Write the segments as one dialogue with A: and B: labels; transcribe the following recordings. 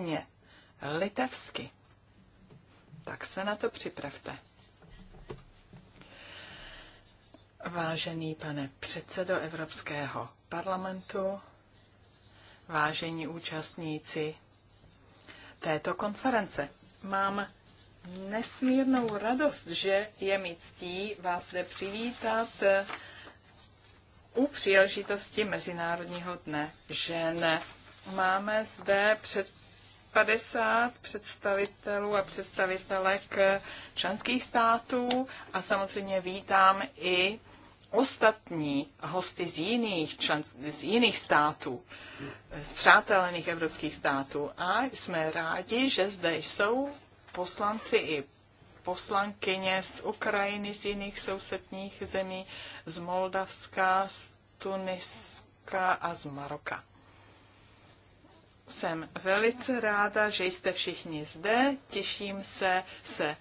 A: předsedkyně litevsky, tak se na to připravte. Vážený pane předsedo Evropského parlamentu, vážení účastníci této konference, mám nesmírnou radost, že je mi ctí vás zde přivítat u příležitosti Mezinárodního dne žen. Máme zde před 50 představitelů a představitelek členských států a samozřejmě vítám i ostatní hosty z jiných, člen, z jiných států, z přátelených evropských států. A jsme rádi, že zde jsou poslanci i poslankyně z Ukrajiny, z jiných sousedních zemí, z Moldavska, z Tuniska a z Maroka. Jsem velice ráda, že jste všichni zde. Těším se se eh,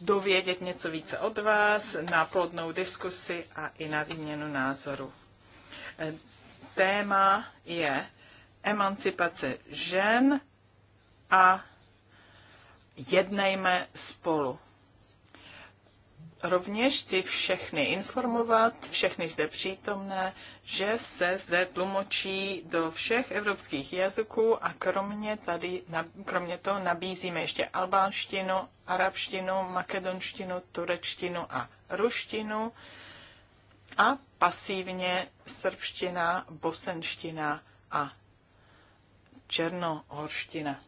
A: dovědět něco více od vás, na plodnou diskusi a i na výměnu názoru. Eh, téma je emancipace žen a jednejme spolu. Rovněž chci všechny informovat, všechny zde přítomné, že se zde tlumočí do všech evropských jazyků a kromě, tady, kromě toho nabízíme ještě albánštinu, arabštinu, makedonštinu, turečtinu a ruštinu a pasívně srbština, bosenština a černohorština.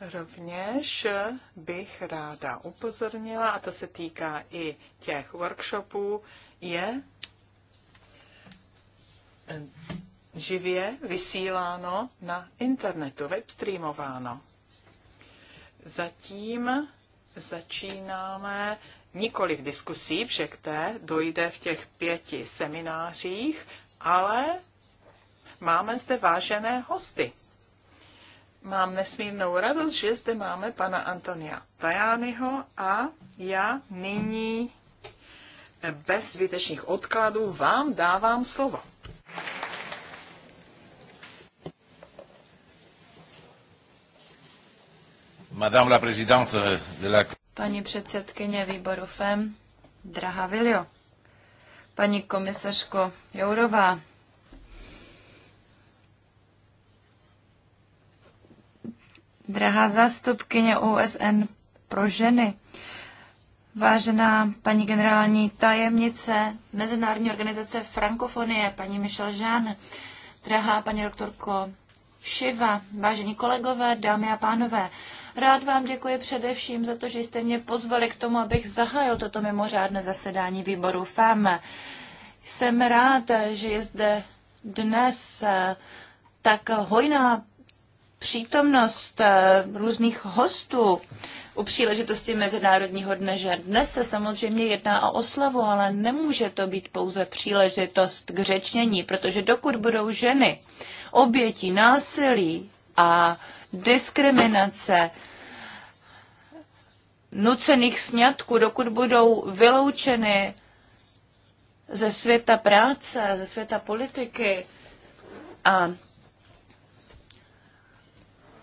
A: Rovněž bych ráda upozornila, a to se týká i těch workshopů, je živě vysíláno na internetu, webstreamováno. Zatím začínáme nikoli v diskusí, že k té dojde v těch pěti seminářích, ale máme zde vážené hosty mám nesmírnou radost, že zde máme pana Antonia Tajányho a já nyní bez zbytečných odkladů vám dávám slovo. Madame la présidente de la...
B: Paní předsedkyně výboru FEM, drahá Vilio, paní komisařko Jourová, drahá zástupkyně OSN pro ženy, vážená paní generální tajemnice Mezinárodní organizace Frankofonie, paní Michel Jean, drahá paní doktorko Šiva, vážení kolegové, dámy a pánové, rád vám děkuji především za to, že jste mě pozvali k tomu, abych zahájil toto mimořádné zasedání výboru FEM. Jsem rád, že je zde dnes eh, tak hojná přítomnost eh, různých hostů u příležitosti Mezinárodního dne žen. Dnes se samozřejmě jedná o oslavu, ale nemůže to být pouze příležitost k řečnění, protože dokud budou ženy obětí násilí a diskriminace, nucených sňatků, dokud budou vyloučeny ze světa práce, ze světa politiky a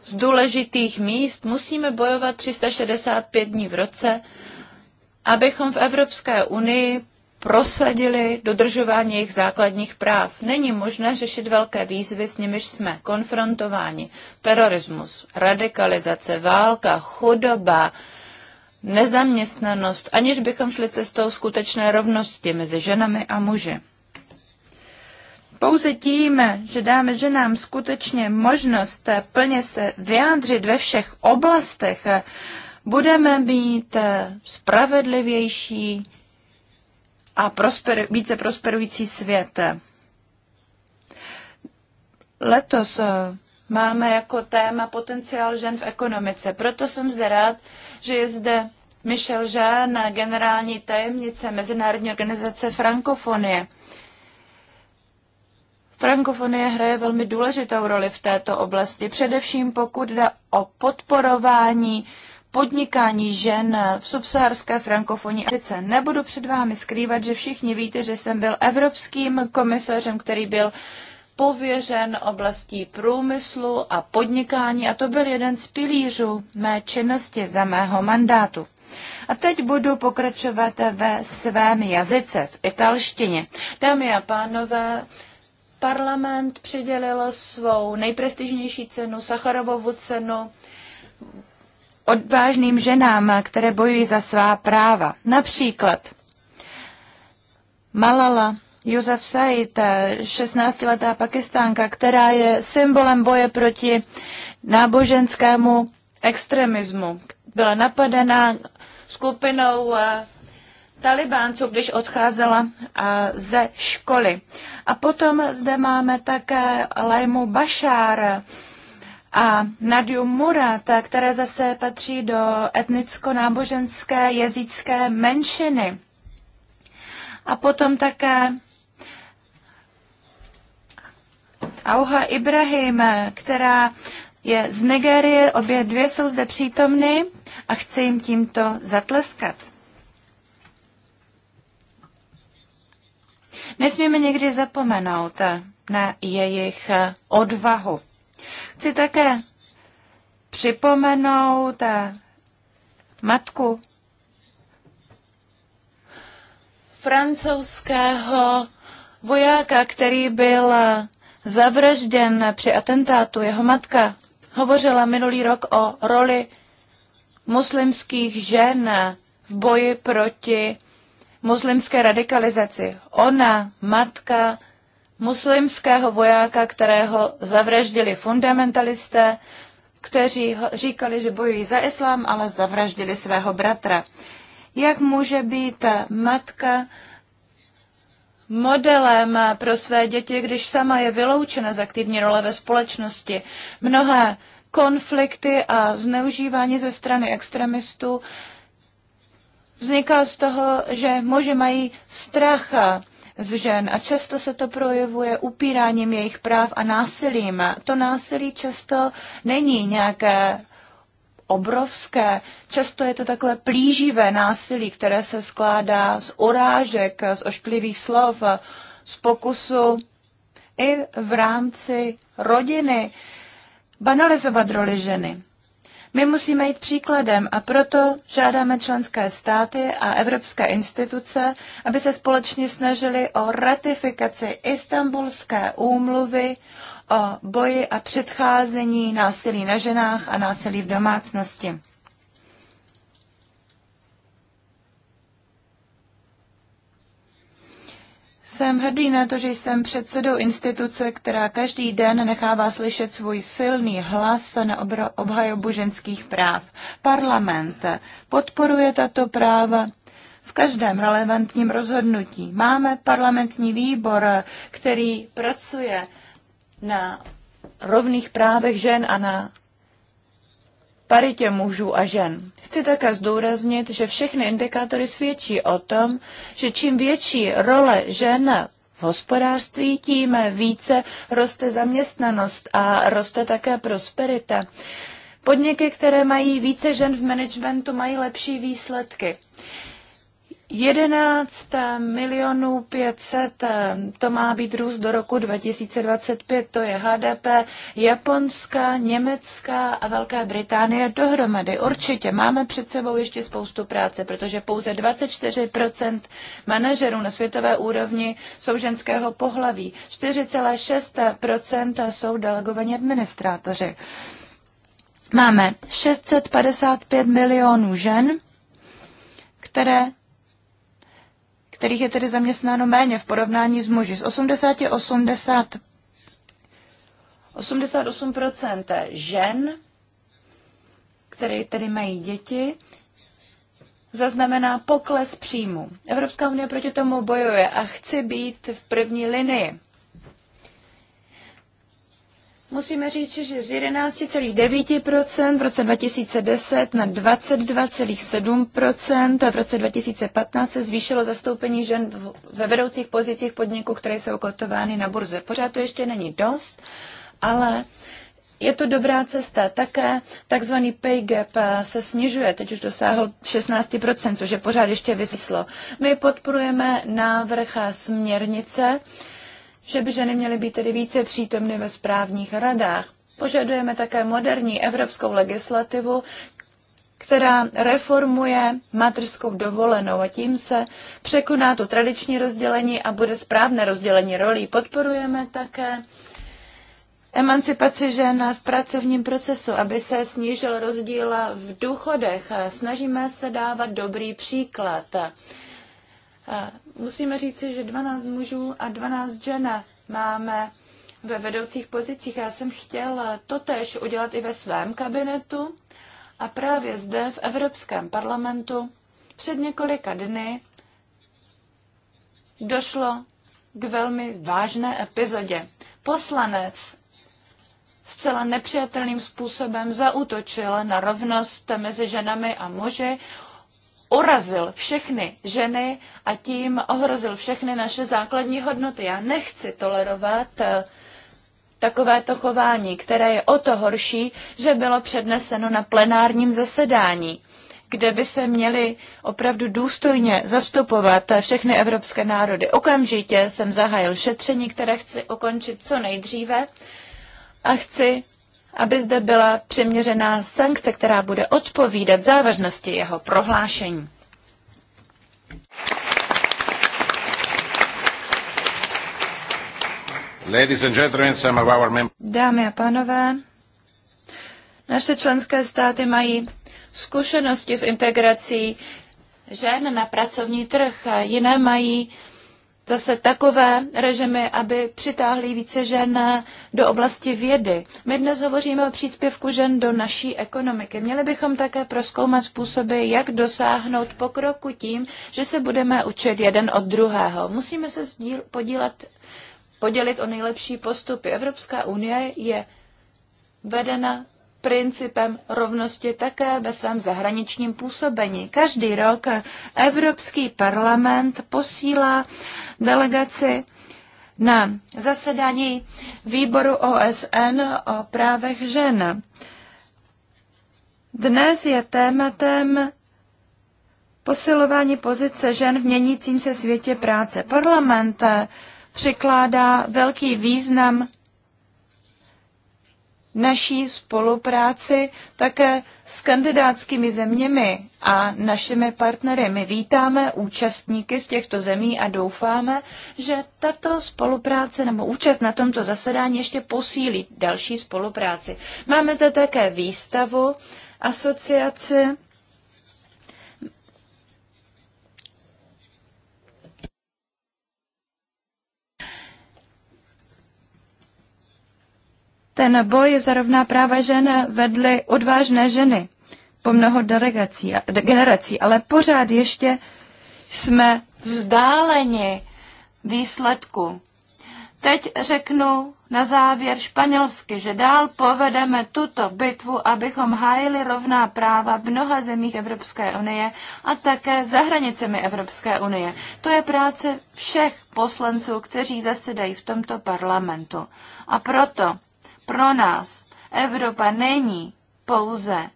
B: z důležitých míst musíme bojovat 365 dní v roce, abychom v Evropské unii prosadili dodržování jejich základních práv. Není možné řešit velké výzvy, s nimiž jsme konfrontováni. Terorismus, radikalizace, válka, chudoba, nezaměstnanost, aniž bychom šli cestou skutečné rovnosti mezi ženami a muži. Pouze tím, že dáme ženám skutečně možnost plně se vyjádřit ve všech oblastech, budeme být spravedlivější a prosper, více prosperující svět. Letos máme jako téma potenciál žen v ekonomice. Proto jsem zde rád, že je zde Michel Jean, generální tajemnice Mezinárodní organizace Frankofonie. Frankofonie hraje velmi důležitou roli v této oblasti, především pokud jde o podporování podnikání žen v subsaharské frankofonní Africe. Nebudu před vámi skrývat, že všichni víte, že jsem byl evropským komisařem, který byl pověřen oblastí průmyslu a podnikání a to byl jeden z pilířů mé činnosti za mého mandátu. A teď budu pokračovat ve svém jazyce, v italštině. Dámy a pánové, parlament přidělil svou nejprestižnější cenu, Sacharovovu cenu, odvážným ženám, které bojují za svá práva. Například Malala Yousaf Said, 16-letá pakistánka, která je symbolem boje proti náboženskému extremismu. Byla napadena skupinou eh, co když odcházela ze školy. A potom zde máme také Lajmu Bašár a Nadiu Murat, které zase patří do etnicko-náboženské jezické menšiny. A potom také Auha Ibrahim, která je z Nigérie, obě dvě jsou zde přítomny a chci jim tímto zatleskat. Nesmíme někdy zapomenout na jejich odvahu. Chci také připomenout matku francouzského vojáka, který byl zavražděn při atentátu. Jeho matka hovořila minulý rok o roli muslimských žen v boji proti muslimské radikalizaci. Ona, matka muslimského vojáka, kterého zavraždili fundamentalisté, kteří říkali, že bojují za islám, ale zavraždili svého bratra. Jak může být ta matka modelem pro své děti, když sama je vyloučena z aktivní role ve společnosti? Mnohé konflikty a zneužívání ze strany extremistů vzniká z toho, že muži mají strach z žen a často se to projevuje upíráním jejich práv a násilím. To násilí často není nějaké obrovské. Často je to takové plíživé násilí, které se skládá z urážek, z ošklivých slov, z pokusu i v rámci rodiny banalizovat roli ženy. My musíme jít příkladem a proto žádáme členské státy a evropské instituce, aby se společně snažili o ratifikaci Istanbulské úmluvy o boji a předcházení násilí na ženách a násilí v domácnosti. Jsem hrdý na to, že jsem předsedou instituce, která každý den nechává slyšet svůj silný hlas na obhajobu ženských práv. Parlament podporuje tato práva v každém relevantním rozhodnutí. Máme parlamentní výbor, který pracuje na rovných právech žen a na paritě mužů a žen. Chci také zdůraznit, že všechny indikátory svědčí o tom, že čím větší role žen v hospodářství, tím více roste zaměstnanost a roste také prosperita. Podniky, které mají více žen v managementu, mají lepší výsledky. 11 milionů 500, eh, to má být růst do roku 2025, to je HDP Japonska, Německa a Velké Británie dohromady. Určitě máme před sebou ještě spoustu práce, protože pouze 24% manažerů na světové úrovni jsou ženského pohlaví, 4,6% jsou delegovaní administrátoři. Máme 655 milionů žen, které kterých je tedy zaměstnáno méně v porovnání s muži. Z 80 80 88% žen, které tedy mají děti, zaznamená pokles příjmu. Evropská unie proti tomu bojuje a chce být v první linii musíme říct, že z 11,9% v roce 2010 na 22,7% v roce 2015 se zvýšilo zastoupení žen ve vedoucích pozicích podniků, které jsou kotovány na burze. Pořád to ještě není dost, ale je to dobrá cesta. Také takzvaný pay gap se snižuje, teď už dosáhl 16%, což je pořád ještě vysyslo. My podporujeme návrh směrnice, že by ženy měly být tedy více přítomny ve správních radách. Požadujeme také moderní evropskou legislativu, která reformuje materskou dovolenou a tím se překoná to tradiční rozdělení a bude správné rozdělení rolí. Podporujeme také emancipaci žen v pracovním procesu, aby se snížil rozdíl v důchodech. Snažíme se dávat dobrý příklad musíme říci, že 12 mužů a 12 žen máme ve vedoucích pozicích. Já jsem chtěl totež udělat i ve svém kabinetu a právě zde v Evropském parlamentu před několika dny došlo k velmi vážné epizodě. Poslanec zcela nepřijatelným způsobem zaútočil na rovnost mezi ženami a muži, urazil všechny ženy a tím ohrozil všechny naše základní hodnoty. Já nechci tolerovat eh, takovéto chování, které je o to horší, že bylo předneseno na plenárním zasedání, kde by se měly opravdu důstojně zastupovat všechny evropské národy. Okamžitě jsem zahájil šetření, které chci ukončit co nejdříve a chci aby zde byla přiměřená sankce, která bude odpovídat závažnosti jeho prohlášení. Dámy a pánové, naše členské státy mají zkušenosti s integrací žen na pracovní trh, jiné mají zase takové režimy, aby přitáhly více žen do oblasti vědy. My dnes hovoříme o příspěvku žen do naší ekonomiky. Měli bychom také proskoumat způsoby, jak dosáhnout pokroku tím, že se budeme učit jeden od druhého. Musíme se sdíl, podílet, podělit o nejlepší postupy. Evropská unie je vedena principem rovnosti také ve svém zahraničním působení. Každý rok Evropský parlament posílá delegaci na zasedání výboru OSN o právech žen. Dnes je tématem posilování pozice žen v měnícím se světě práce. Parlament přikládá velký význam naší spolupráci také s kandidátskými zeměmi a našimi partnery. My vítáme účastníky z těchto zemí a doufáme, že tato spolupráce nebo účast na tomto zasedání ještě posílí další spolupráci. Máme zde také výstavu asociace Ten boj za rovná práva žen vedly odvážné ženy po mnoho delegací, generací, ale pořád ještě jsme vzdáleni výsledku. Teď řeknu na závěr španělsky, že dál povedeme tuto bitvu, abychom hájili rovná práva v mnoha zemích Evropské unie a také za hranicemi Evropské unie. To je práce všech poslanců, kteří zasedají v tomto parlamentu. A proto pro nás Evropa není pouze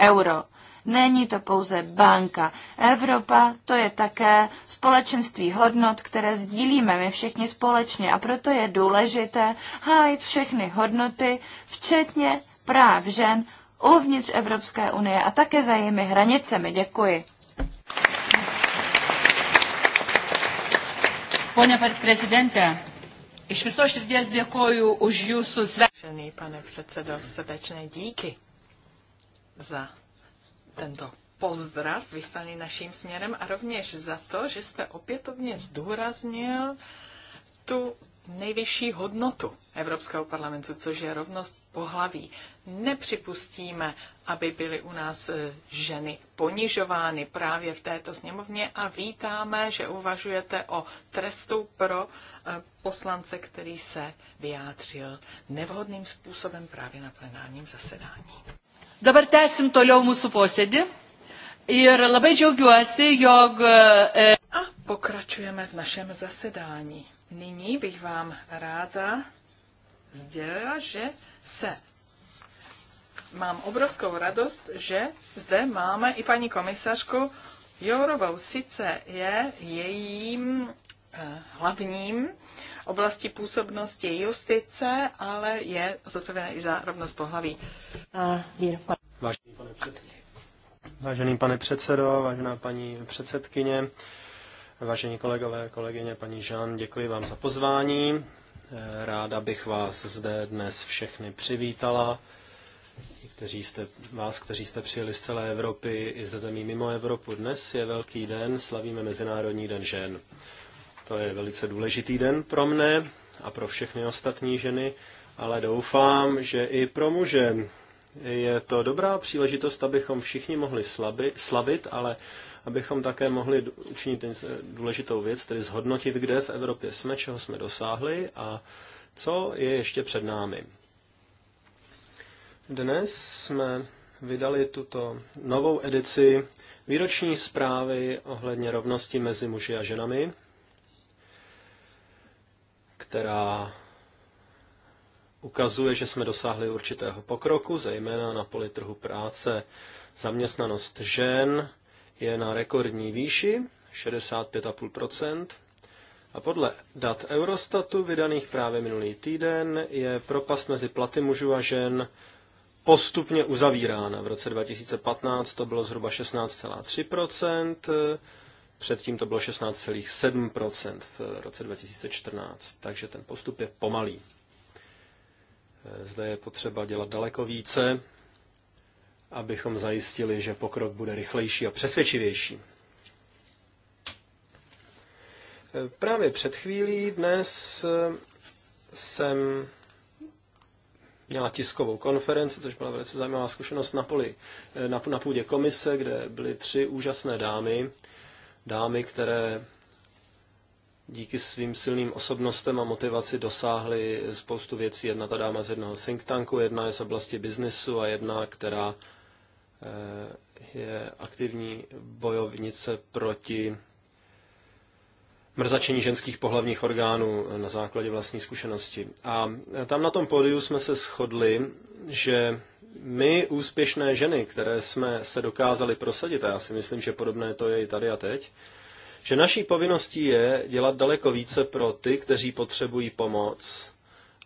B: euro. Není to pouze banka. Evropa to je také společenství hodnot, které sdílíme my všichni společně a proto je důležité hájit všechny hodnoty, včetně práv žen uvnitř Evropské unie a také za jejími hranicemi. Děkuji. Pane
A: prezidente, Iš viso širdies děkuji už jūsų svečený, pane předsedo, srdečné díky za tento pozdrav vyslaný naším směrem a rovněž za to, že jste opětovně zdůraznil tu nejvyšší hodnotu Evropského parlamentu, což je rovnost pohlaví. Nepřipustíme, aby byly u nás e, ženy ponižovány právě v této sněmovně a vítáme, že uvažujete o trestu pro e, poslance, který se vyjádřil nevhodným způsobem právě na plenárním zasedání. Dabar tęsim toliau mūsų posėdį ir labai džiaugiuosi, jog... E, a pokračujeme v našem zasedání. Nyní bych vám ráda sdělila, že se mám obrovskou radost, že zde máme i paní komisařku Jourovou. Sice je jejím eh, hlavním oblasti působnosti justice, ale je zodpovědná i za rovnost pohlaví.
C: Vážený pane, vážený pane předsedo, vážená paní předsedkyně, Vážení kolegové, kolegyně, paní Žán, děkuji vám za pozvání. Eh, ráda bych vás zde dnes všechny přivítala, kteří jste, vás, kteří jste přijeli z celé Evropy i ze zemí mimo Evropu. Dnes je velký den, slavíme Mezinárodní den žen. To je velice důležitý den pro mne a pro všechny ostatní ženy, ale doufám, že i pro muže. Je to dobrá příležitost, abychom všichni mohli slabit, slavit, ale abychom také mohli učinit eh, důležitou věc, tedy zhodnotit, kde v Evropě jsme, čeho jsme dosáhli a co je ještě před námi. Dnes jsme vydali tuto novou edici výroční zprávy ohledně rovnosti mezi muži a ženami, která ukazuje, že jsme dosáhli určitého pokroku, zejména na poli trhu práce, zaměstnanost žen, je na rekordní výši 65,5 a podle dat Eurostatu vydaných právě minulý týden je propast mezi platy mužů a žen postupně uzavírána. V roce 2015 to bylo zhruba 16,3 předtím to bylo 16,7 v roce 2014, takže ten postup je pomalý. Zde je potřeba dělat daleko více, abychom zajistili, že pokrok bude rychlejší a přesvědčivější. Právě před chvílí dnes eh, jsem měla tiskovou konferenci, což byla velice zajímavá zkušenost na, poli, eh, na, na půdě komise, kde byly tři úžasné dámy. Dámy, které díky svým silným osobnostem a motivaci dosáhly spoustu věcí. Jedna ta dáma z jednoho think tanku, jedna je z oblasti biznesu a jedna, která Eh, je aktivní bojovnice proti mrzačení ženských pohlavních orgánů na základě vlastní zkušenosti. A tam na tom pódiu jsme se shodli, že my úspěšné ženy, které jsme se dokázali prosadit, a já si myslím, že podobné to je i tady a teď, že naší povinností je dělat daleko více pro ty, kteří potřebují pomoc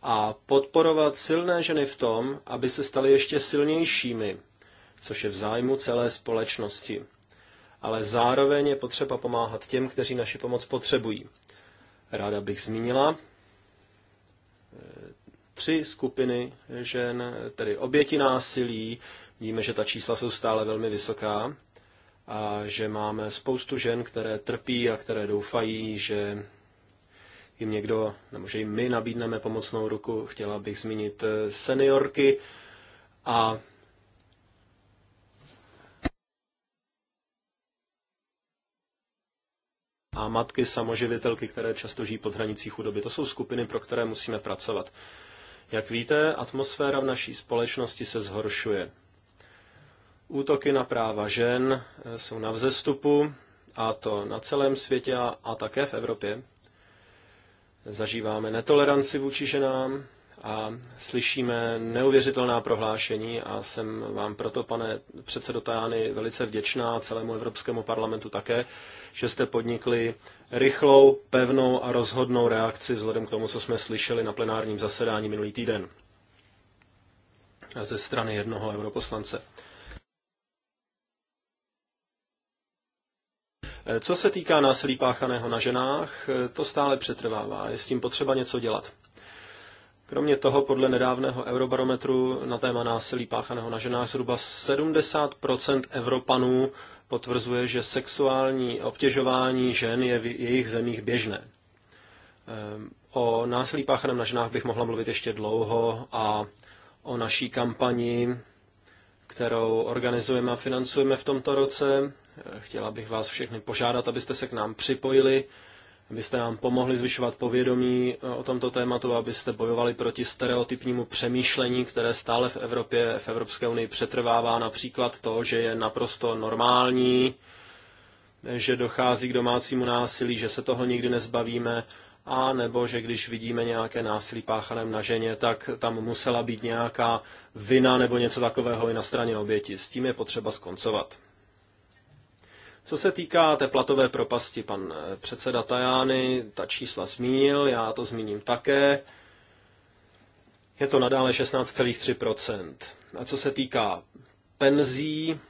C: a podporovat silné ženy v tom, aby se staly ještě silnějšími což je v zájmu celé společnosti. Ale zároveň je potřeba pomáhat těm, kteří naši pomoc potřebují. Ráda bych zmínila eh, tři skupiny žen, tedy oběti násilí. Víme, že ta čísla jsou stále velmi vysoká a že máme spoustu žen, které trpí a které doufají, že jim někdo, nebo že jim my nabídneme pomocnou ruku. Chtěla bych zmínit eh, seniorky a a matky samoživitelky, které často žijí pod hranicí chudoby. To jsou skupiny, pro které musíme pracovat. Jak víte, atmosféra v naší společnosti se zhoršuje. Útoky na práva žen eh, jsou na vzestupu, a to na celém světě a, a také v Evropě. Zažíváme netoleranci vůči ženám, a slyšíme neuvěřitelná prohlášení a jsem vám proto, pane předsedo Tajány, velice vděčná celému Evropskému parlamentu také, že jste podnikli rychlou, pevnou a rozhodnou reakci vzhledem k tomu, co jsme slyšeli na plenárním zasedání minulý týden ze strany jednoho europoslance. Co se týká násilí páchaného na ženách, to stále přetrvává. Je s tím potřeba něco dělat. Kromě toho, podle nedávného eurobarometru na téma násilí páchaného na ženách, zhruba 70 Evropanů potvrzuje, že sexuální obtěžování žen je v jejich zemích běžné. Ehm, o násilí páchaném na ženách bych mohla mluvit ještě dlouho a o naší kampani, kterou organizujeme a financujeme v tomto roce. Chtěla bych vás všechny požádat, abyste se k nám připojili abyste nám pomohli zvyšovat povědomí eh, o tomto tématu, abyste bojovali proti stereotypnímu přemýšlení, které stále v Evropě, v Evropské unii přetrvává například to, že je naprosto normální, že dochází k domácímu násilí, že se toho nikdy nezbavíme, a nebo že když vidíme nějaké násilí páchané na ženě, tak tam musela být nějaká vina nebo něco takového i na straně oběti. S tím je potřeba skoncovat. Co se týká té platové propasti, pan eh, předseda Tajány ta čísla zmínil, já to zmíním také. Je to nadále 16,3%. A co se týká penzí,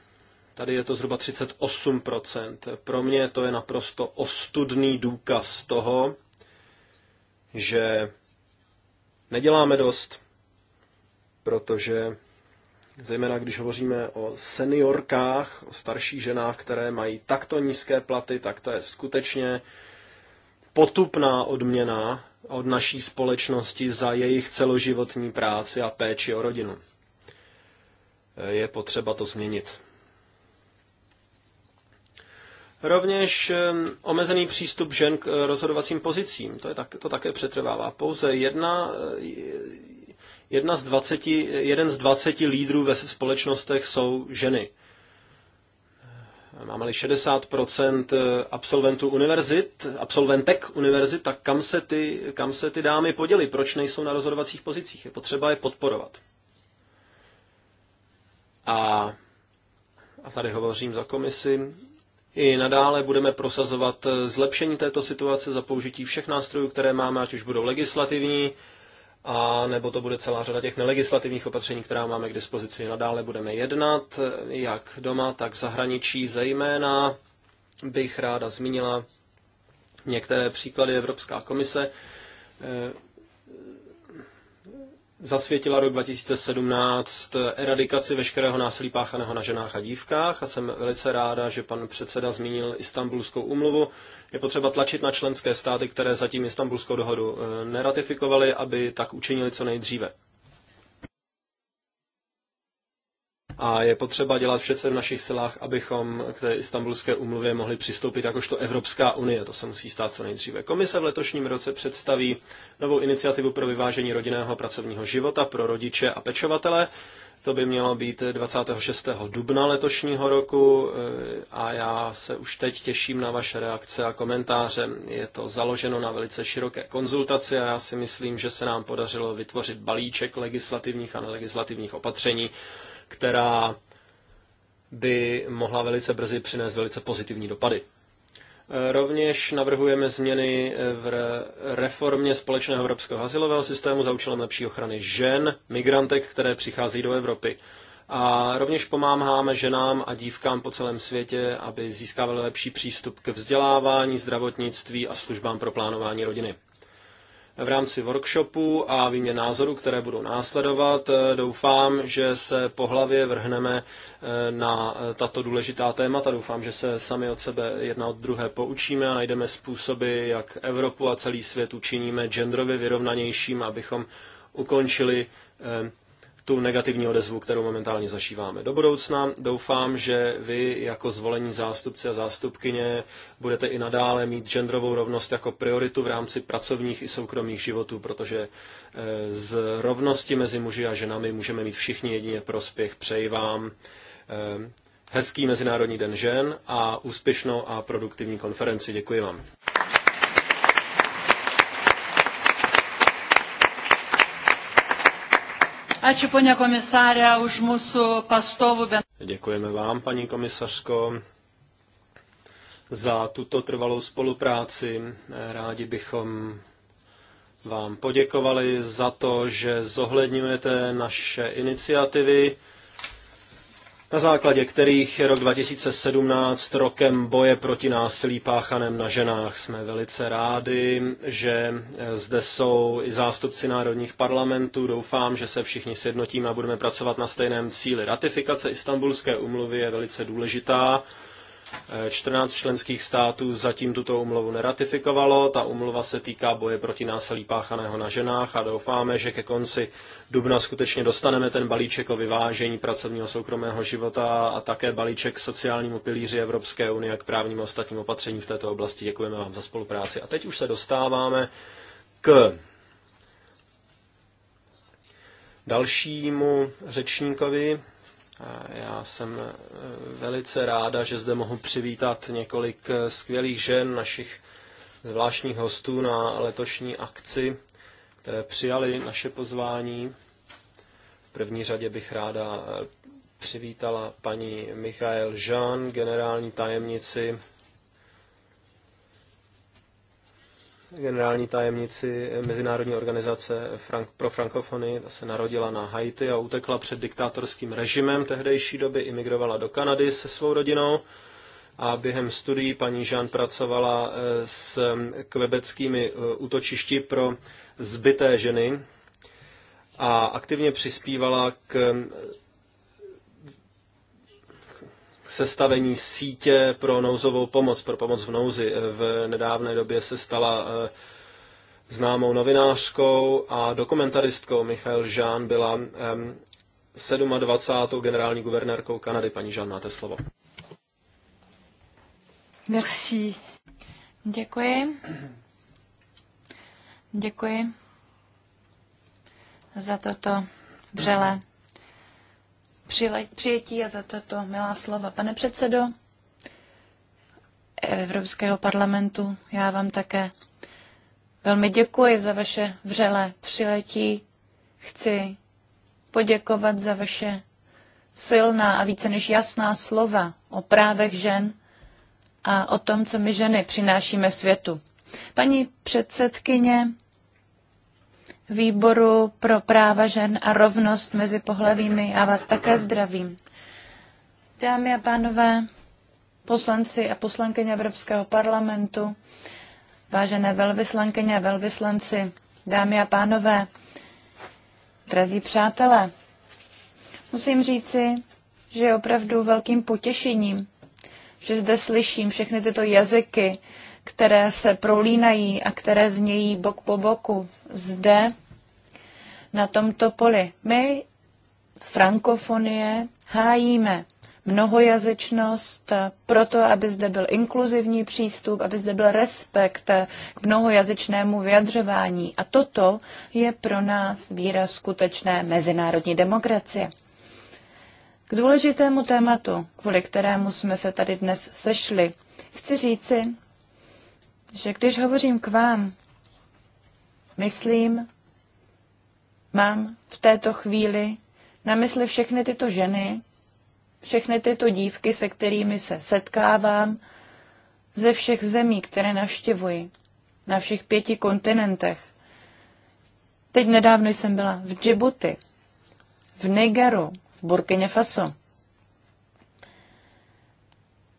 C: tady je to zhruba 38%. Pro mě to je naprosto ostudný důkaz toho, že neděláme dost, protože zejména když hovoříme o seniorkách, o starších ženách, které mají takto nízké platy, tak to je skutečně potupná odměna od naší společnosti za jejich celoživotní práci a péči o rodinu. Je potřeba to změnit. Rovněž omezený přístup žen k eh, rozhodovacím pozicím, to, je tak, to také přetrvává. Pouze jedna, eh, Jedna z 20, jeden z 20 lídrů ve společnostech jsou ženy. Máme-li 60% absolventů univerzit, absolventek univerzit, tak kam se, ty, kam se ty dámy poděly? Proč nejsou na rozhodovacích pozicích? Je potřeba je podporovat. A, a tady hovořím za komisi. I nadále budeme prosazovat zlepšení této situace za použití všech nástrojů, které máme, ať už budou legislativní, a nebo to bude celá řada těch nelegislativních opatření, která máme k dispozici. Nadále budeme jednat, eh, jak doma, tak v zahraničí. Zejména bych ráda zmínila některé příklady Evropská komise eh, zasvětila rok 2017 eradikaci veškerého násilí páchaného na ženách a dívkách a jsem velice ráda, že pan předseda zmínil Istanbulskou umluvu. Je potřeba tlačit na členské státy, které zatím Istanbulskou dohodu eh, neratifikovaly, aby tak učinili co nejdříve. a je potřeba dělat vše, co v našich silách, abychom k té istambulské umluvě mohli přistoupit jakožto Evropská unie. To se musí stát co nejdříve. Komise v letošním roce představí novou iniciativu pro vyvážení rodinného a pracovního života pro rodiče a pečovatele. To by mělo být 26. dubna letošního roku eh, a já se už teď těším na vaše reakce a komentáře. Je to založeno na velice široké konzultaci a já si myslím, že se nám podařilo vytvořit balíček legislativních a nelegislativních opatření, která by mohla velice brzy přinést velice pozitivní dopady. E, rovněž navrhujeme změny v reformě společného evropského asilového systému za účelem lepší ochrany žen, migrantek, které přichází do Evropy. A rovněž pomáháme ženám a dívkám po celém světě, aby získávali lepší přístup k vzdělávání, zdravotnictví a službám pro plánování rodiny v rámci workshopu a výměn názorů, které budou následovat. Eh, doufám, že se po hlavě vrhneme eh, na eh, tato důležitá témata. Doufám, že se sami od sebe jedna od druhé poučíme a najdeme způsoby, jak Evropu a celý svět učiníme genderově vyrovnanějším, abychom ukončili tu negativní odezvu, kterou momentálně zažíváme. Do budoucna doufám, že vy jako zvolení zástupci a zástupkyně budete i nadále mít genderovou rovnost jako prioritu v rámci pracovních i soukromých životů, protože eh, z rovnosti mezi muži a ženami můžeme mít všichni jedině prospěch. Přeji vám eh, hezký Mezinárodní den žen a úspěšnou a produktivní konferenci. Děkuji vám.
A: Ačiū, ponia komisarė, už mūsų pastovų
C: Děkujeme vám, paní komisařko, za tuto trvalou spolupráci. Rádi bychom vám poděkovali za to, že zohledňujete naše iniciativy na základě kterých je rok 2017 rokem boje proti násilí páchaném na ženách. Jsme velice rádi, že eh, zde jsou i zástupci národních parlamentů. Doufám, že se všichni sjednotíme a budeme pracovat na stejném cíli. Ratifikace Istanbulské umluvy je velice důležitá 14 členských států zatím tuto umluvu neratifikovalo. Ta umluva se týká boje proti násilí páchaného na ženách a doufáme, že ke konci dubna skutečně dostaneme ten balíček o vyvážení pracovního soukromého života a také balíček sociálnímu pilíři Evropské unie a k právním ostatním opatřením v této oblasti. Děkujeme vám za spolupráci. A teď už se dostáváme k dalšímu řečníkovi, já jsem eh, velice ráda, že zde mohu přivítat několik eh, skvělých žen, našich zvláštních hostů na letošní akci, které přijali naše pozvání. V první řadě bych ráda eh, přivítala paní Michael Jean, generální tajemnici generální tajemnici Mezinárodní organizace Frank, pro frankofony, ta se narodila na Haiti a utekla před diktátorským režimem tehdejší doby, imigrovala do Kanady se svou rodinou a během studií paní Jean pracovala eh, s kvebeckými eh, útočišti pro zbyté ženy a aktivně přispívala k sestavení sítě pro nouzovou pomoc, pro pomoc v nouzi. V nedávné době se stala eh, známou novinářkou a dokumentaristkou. Michal Žán byla 27. Ehm, generální guvernérkou Kanady. Paní Žán, máte slovo. Merci.
B: Děkuji. Děkuji za toto vřele přijetí a za tato milá slova. Pane předsedo Evropského parlamentu, já vám také velmi děkuji za vaše vřelé přiletí. Chci poděkovat za vaše silná a více než jasná slova o právech žen a o tom, co my ženy přinášíme světu. Paní předsedkyně výboru pro práva žen a rovnost mezi pohlavími. a vás také zdravím. Dámy a pánové, poslanci a poslankyně Evropského parlamentu, vážené velvyslankyně a velvyslanci, dámy a pánové, drazí přátelé, musím říci, že je opravdu velkým potěšením, že zde slyším všechny tyto jazyky, které se prolínají a které znějí bok po boku zde na tomto poli. My frankofonie hájíme mnohojazyčnost, proto, aby zde byl inkluzivní přístup, aby zde byl respekt k mnohojazyčnému vyjadřování. A toto je pro nás výraz skutečné mezinárodní demokracie. K důležitému tématu, kvůli kterému jsme se tady dnes sešli, chci říci, že když hovořím k vám, myslím, mám v této chvíli na mysli všechny tyto ženy, všechny tyto dívky, se kterými se setkávám, ze všech zemí, které navštěvuji, na všech pěti kontinentech. Teď nedávno jsem byla v Djibouti, v Nigeru, v Burkině Faso.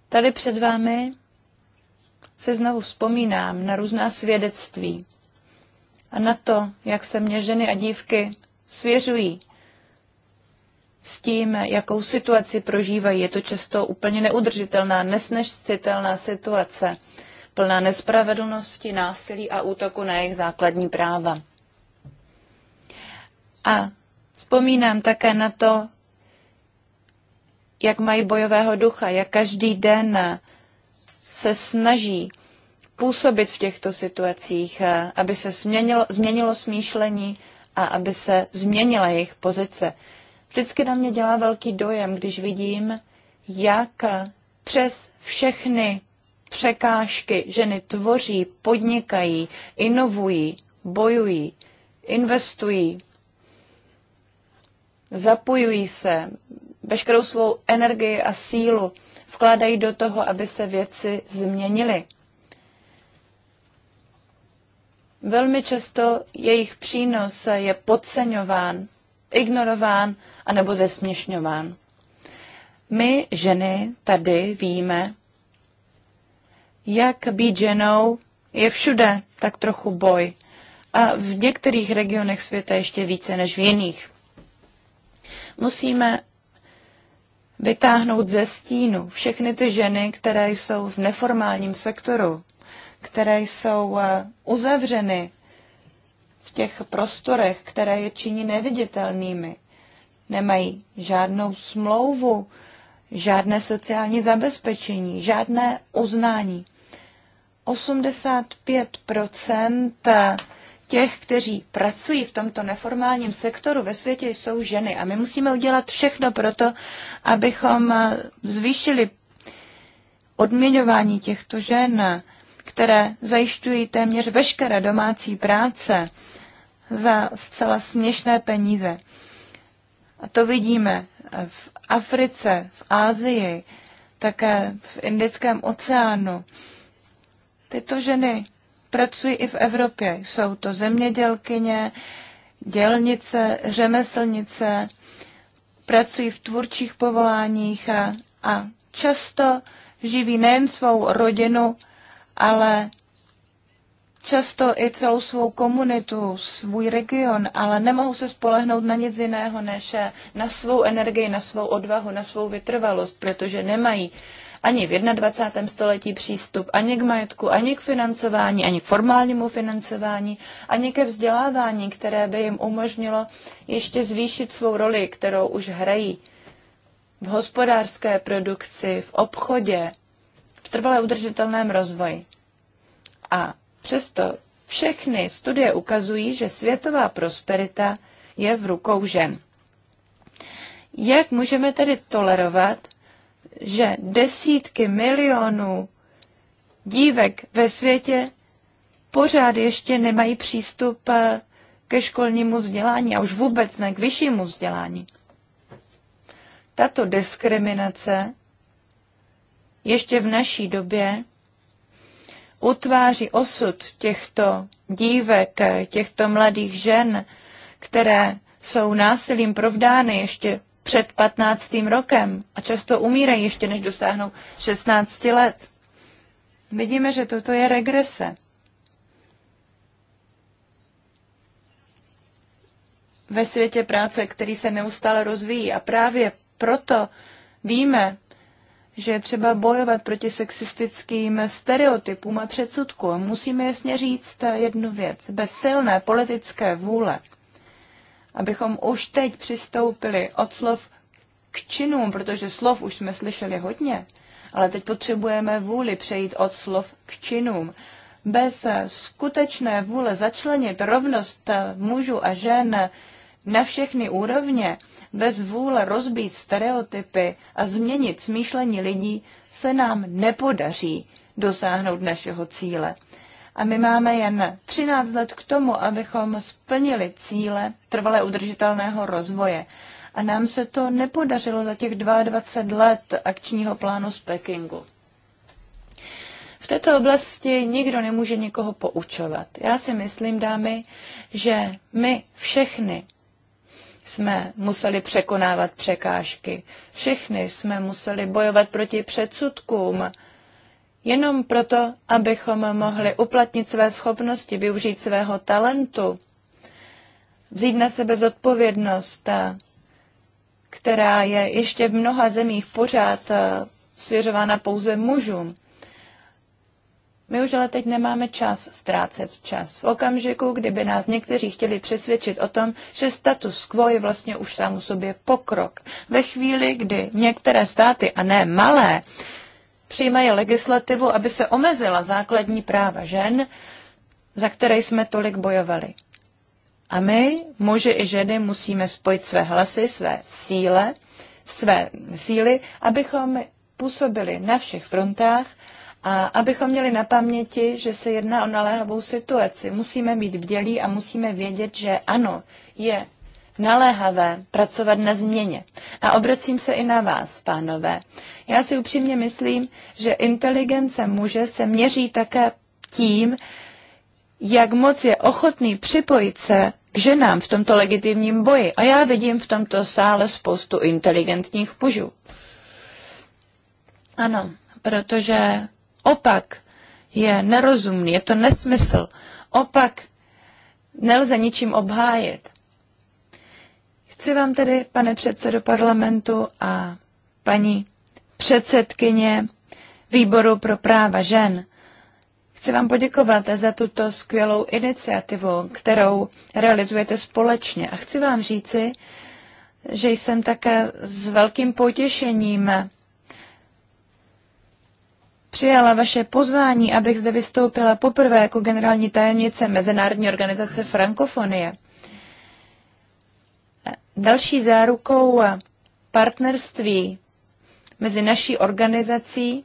B: Tady před vámi si znovu vzpomínám na různá svědectví a na to, jak se mě ženy a dívky svěřují s tím, jakou situaci prožívají. Je to často úplně neudržitelná, nesnesitelná situace, plná nespravedlnosti, násilí a útoku na jejich základní práva. A vzpomínám také na to, jak mají bojového ducha, jak každý den se snaží působit v těchto situacích, eh, aby se změnilo, změnilo smýšlení a aby se změnila jejich pozice. Vždycky na mě dělá velký dojem, když vidím, jak eh, přes všechny překážky ženy tvoří, podnikají, inovují, bojují, investují, zapojují se veškerou svou energii a sílu vkládají do toho, aby se věci změnily. Velmi často jejich přínos je podceňován, ignorován anebo zesměšňován. My, ženy, tady víme, jak být ženou je všude tak trochu boj. A v některých regionech světa ještě více než v jiných. Musíme vytáhnout ze stínu všechny ty ženy, které jsou v neformálním sektoru, které jsou eh, uzavřeny v těch prostorech, které je činí neviditelnými. Nemají žádnou smlouvu, žádné sociální zabezpečení, žádné uznání. 85 těch, kteří pracují v tomto neformálním sektoru ve světě, jsou ženy. A my musíme udělat všechno pro to, abychom eh, zvýšili odměňování těchto žen, které zajišťují téměř veškeré domácí práce za zcela směšné peníze. A to vidíme v Africe, v Ázii, také v Indickém oceánu. Tyto ženy pracují i v Evropě. Jsou to zemědělkyně, dělnice, řemeslnice, pracují v tvůrčích povoláních a, a často živí nejen svou rodinu, ale často i celou svou komunitu, svůj region, ale nemohou se spolehnout na nic jiného než na svou energii, na svou odvahu, na svou vytrvalost, protože nemají ani v 21. století přístup ani k majetku, ani k financování, ani k formálnímu financování, ani ke vzdělávání, které by jim umožnilo ještě zvýšit svou roli, kterou už hrají v hospodářské produkci, v obchodě, v trvale udržitelném rozvoji. A přesto všechny studie ukazují, že světová prosperita je v rukou žen. Jak můžeme tedy tolerovat, že desítky milionů dívek ve světě pořád ještě nemají přístup eh, ke školnímu vzdělání a už vůbec ne k vyššímu vzdělání. Tato diskriminace ještě v naší době utváří osud těchto dívek, těchto mladých žen, které jsou násilím provdány ještě před 15. rokem a často umírají ještě než dosáhnou 16 let. Vidíme, že toto je regrese. Ve světě práce, který se neustále rozvíjí a právě proto víme, že je třeba bojovat proti sexistickým stereotypům a předsudkům. Musíme jasně říct jednu věc. Bez silné politické vůle abychom už teď přistoupili od slov k činům, protože slov už jsme slyšeli hodně, ale teď potřebujeme vůli přejít od slov k činům. Bez skutečné vůle začlenit rovnost mužů a žen na všechny úrovně, bez vůle rozbít stereotypy a změnit smýšlení lidí se nám nepodaří dosáhnout našeho cíle. A my máme jen 13 let k tomu, abychom splnili cíle trvale udržitelného rozvoje. A nám se to nepodařilo za těch 22 let akčního plánu z Pekingu. V této oblasti nikdo nemůže nikoho poučovat. Já si myslím, dámy, že my všechny jsme museli překonávat překážky. Všechny jsme museli bojovat proti předsudkům, jenom proto, abychom mohli uplatnit své schopnosti, využít svého talentu, vzít na sebe zodpovědnost, eh, která je ještě v mnoha zemích pořád eh, svěřována pouze mužům. My už ale teď nemáme čas ztrácet čas. V okamžiku, kdyby nás někteří chtěli přesvědčit o tom, že status quo je vlastně už sám u sobě pokrok. Ve chvíli, kdy některé státy, a ne malé, přijímají legislativu, aby se omezila základní práva žen, za které jsme tolik bojovali. A my, muži i ženy, musíme spojit své hlasy, své síle, své síly, abychom působili na všech frontách a abychom měli na paměti, že se jedná o naléhavou situaci. Musíme být bdělí a musíme vědět, že ano, je naléhavé pracovat na změně. A obracím se i na vás, pánové. Já si upřímně myslím, že inteligence muže se měří také tím, jak moc je ochotný připojit se k ženám v tomto legitimním boji. A já vidím v tomto sále spoustu inteligentních mužů. Ano, protože opak je nerozumný, je to nesmysl. Opak nelze ničím obhájit. Chci vám tedy, pane předsedo parlamentu a paní předsedkyně výboru pro práva žen, chci vám poděkovat za tuto skvělou iniciativu, kterou realizujete společně. A chci vám říci, že jsem také s velkým potěšením přijala vaše pozvání, abych zde vystoupila poprvé jako generální tajemnice Mezinárodní organizace Frankofonie. Další zárukou partnerství mezi naší organizací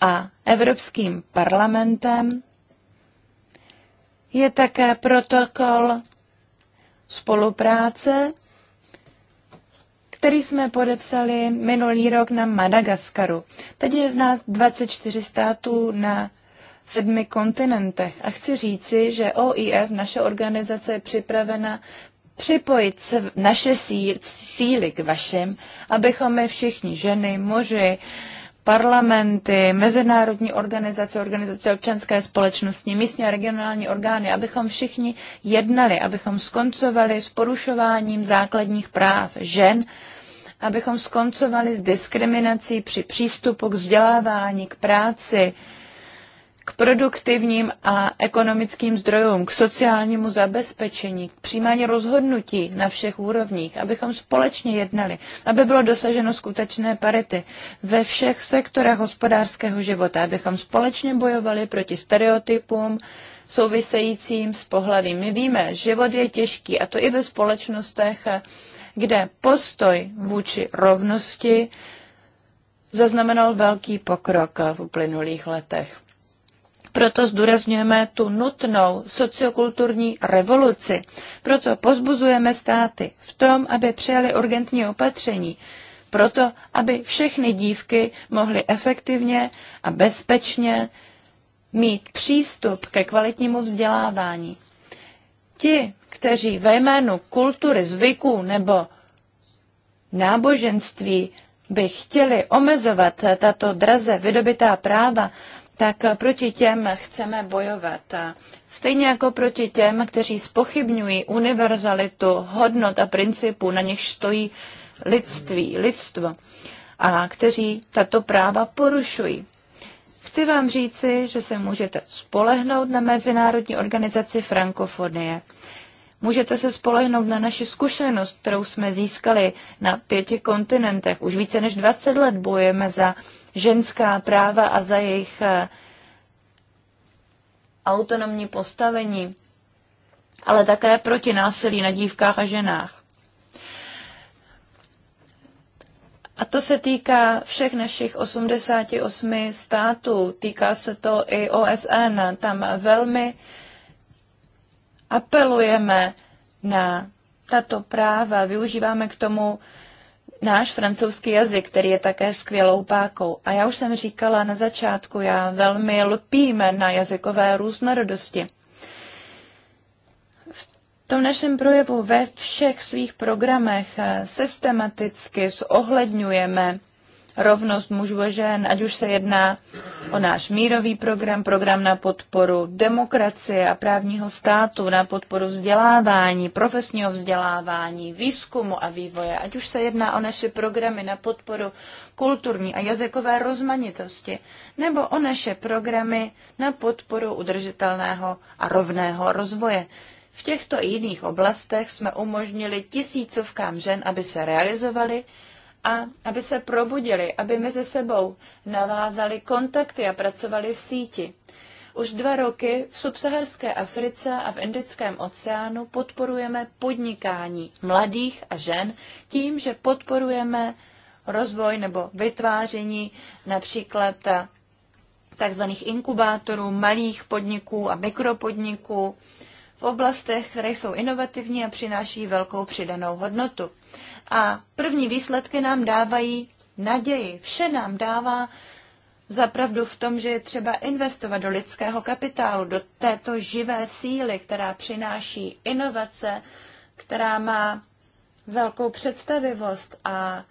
B: a Evropským parlamentem je také protokol spolupráce, který jsme podepsali minulý rok na Madagaskaru. Teď je v nás 24 států na sedmi kontinentech. A chci říci, že OIF, naše organizace, je připravena připojit se naše síly k vašim, abychom my všichni, ženy, muži, parlamenty, mezinárodní organizace, organizace občanské společnosti, místní a regionální orgány, abychom všichni jednali, abychom skoncovali s porušováním základních práv žen, abychom skoncovali s diskriminací při přístupu k vzdělávání, k práci, k produktivním a ekonomickým zdrojům, k sociálnímu zabezpečení, k přijímání rozhodnutí na všech úrovních, abychom společně jednali, aby bylo dosaženo skutečné parity ve všech sektorech hospodářského života, abychom společně bojovali proti stereotypům souvisejícím s pohlavím. My víme, život je těžký a to i ve společnostech, kde postoj vůči rovnosti zaznamenal velký pokrok v uplynulých letech. Proto zdůrazňujeme tu nutnou sociokulturní revoluci. Proto pozbuzujeme státy v tom, aby přijali urgentní opatření. Proto, aby všechny dívky mohly efektivně a bezpečně mít přístup ke kvalitnímu vzdělávání. Ti, kteří ve jménu kultury, zvyků nebo náboženství by chtěli omezovat tato draze vydobitá práva, tak proti těm chceme bojovat. Stejně jako proti těm, kteří spochybňují univerzalitu hodnot a principů, na nich stojí lidství, lidstvo, a kteří tato práva porušují. Chci vám říci, že se můžete spolehnout na Mezinárodní organizaci Frankofonie. Můžete se spolehnout na naši zkušenost, kterou jsme získali na pěti kontinentech. Už více než 20 let bojujeme za ženská práva a za jejich eh, autonomní postavení, ale také proti násilí na dívkách a ženách. A to se týká všech našich 88 států, týká se to i OSN. Tam velmi apelujeme na tato práva, využíváme k tomu náš francouzský jazyk, který je také skvělou pákou. A já už jsem říkala na začátku, já velmi lpím na jazykové různorodosti. V tom našem projevu ve všech svých programech eh, systematicky zohledňujeme rovnost mužů a žen, ať už se jedná o náš mírový program, program na podporu demokracie a právního státu, na podporu vzdělávání, profesního vzdělávání, výzkumu a vývoje, ať už se jedná o naše programy na podporu kulturní a jazykové rozmanitosti, nebo o naše programy na podporu udržitelného a rovného rozvoje. V těchto jiných oblastech jsme umožnili tisícovkám žen, aby se realizovali a aby se probudili, aby mezi sebou navázali kontakty a pracovali v síti. Už dva roky v subsaharské Africe a v Indickém oceánu podporujeme podnikání mladých a žen tím, že podporujeme rozvoj nebo vytváření například takzvaných inkubátorů, malých podniků a mikropodniků v oblastech, které jsou inovativní a přináší velkou přidanou hodnotu. A první výsledky nám dávají naději. Vše nám dává zapravdu v tom, že je třeba investovat do lidského kapitálu, do této živé síly, která přináší inovace, která má velkou představivost a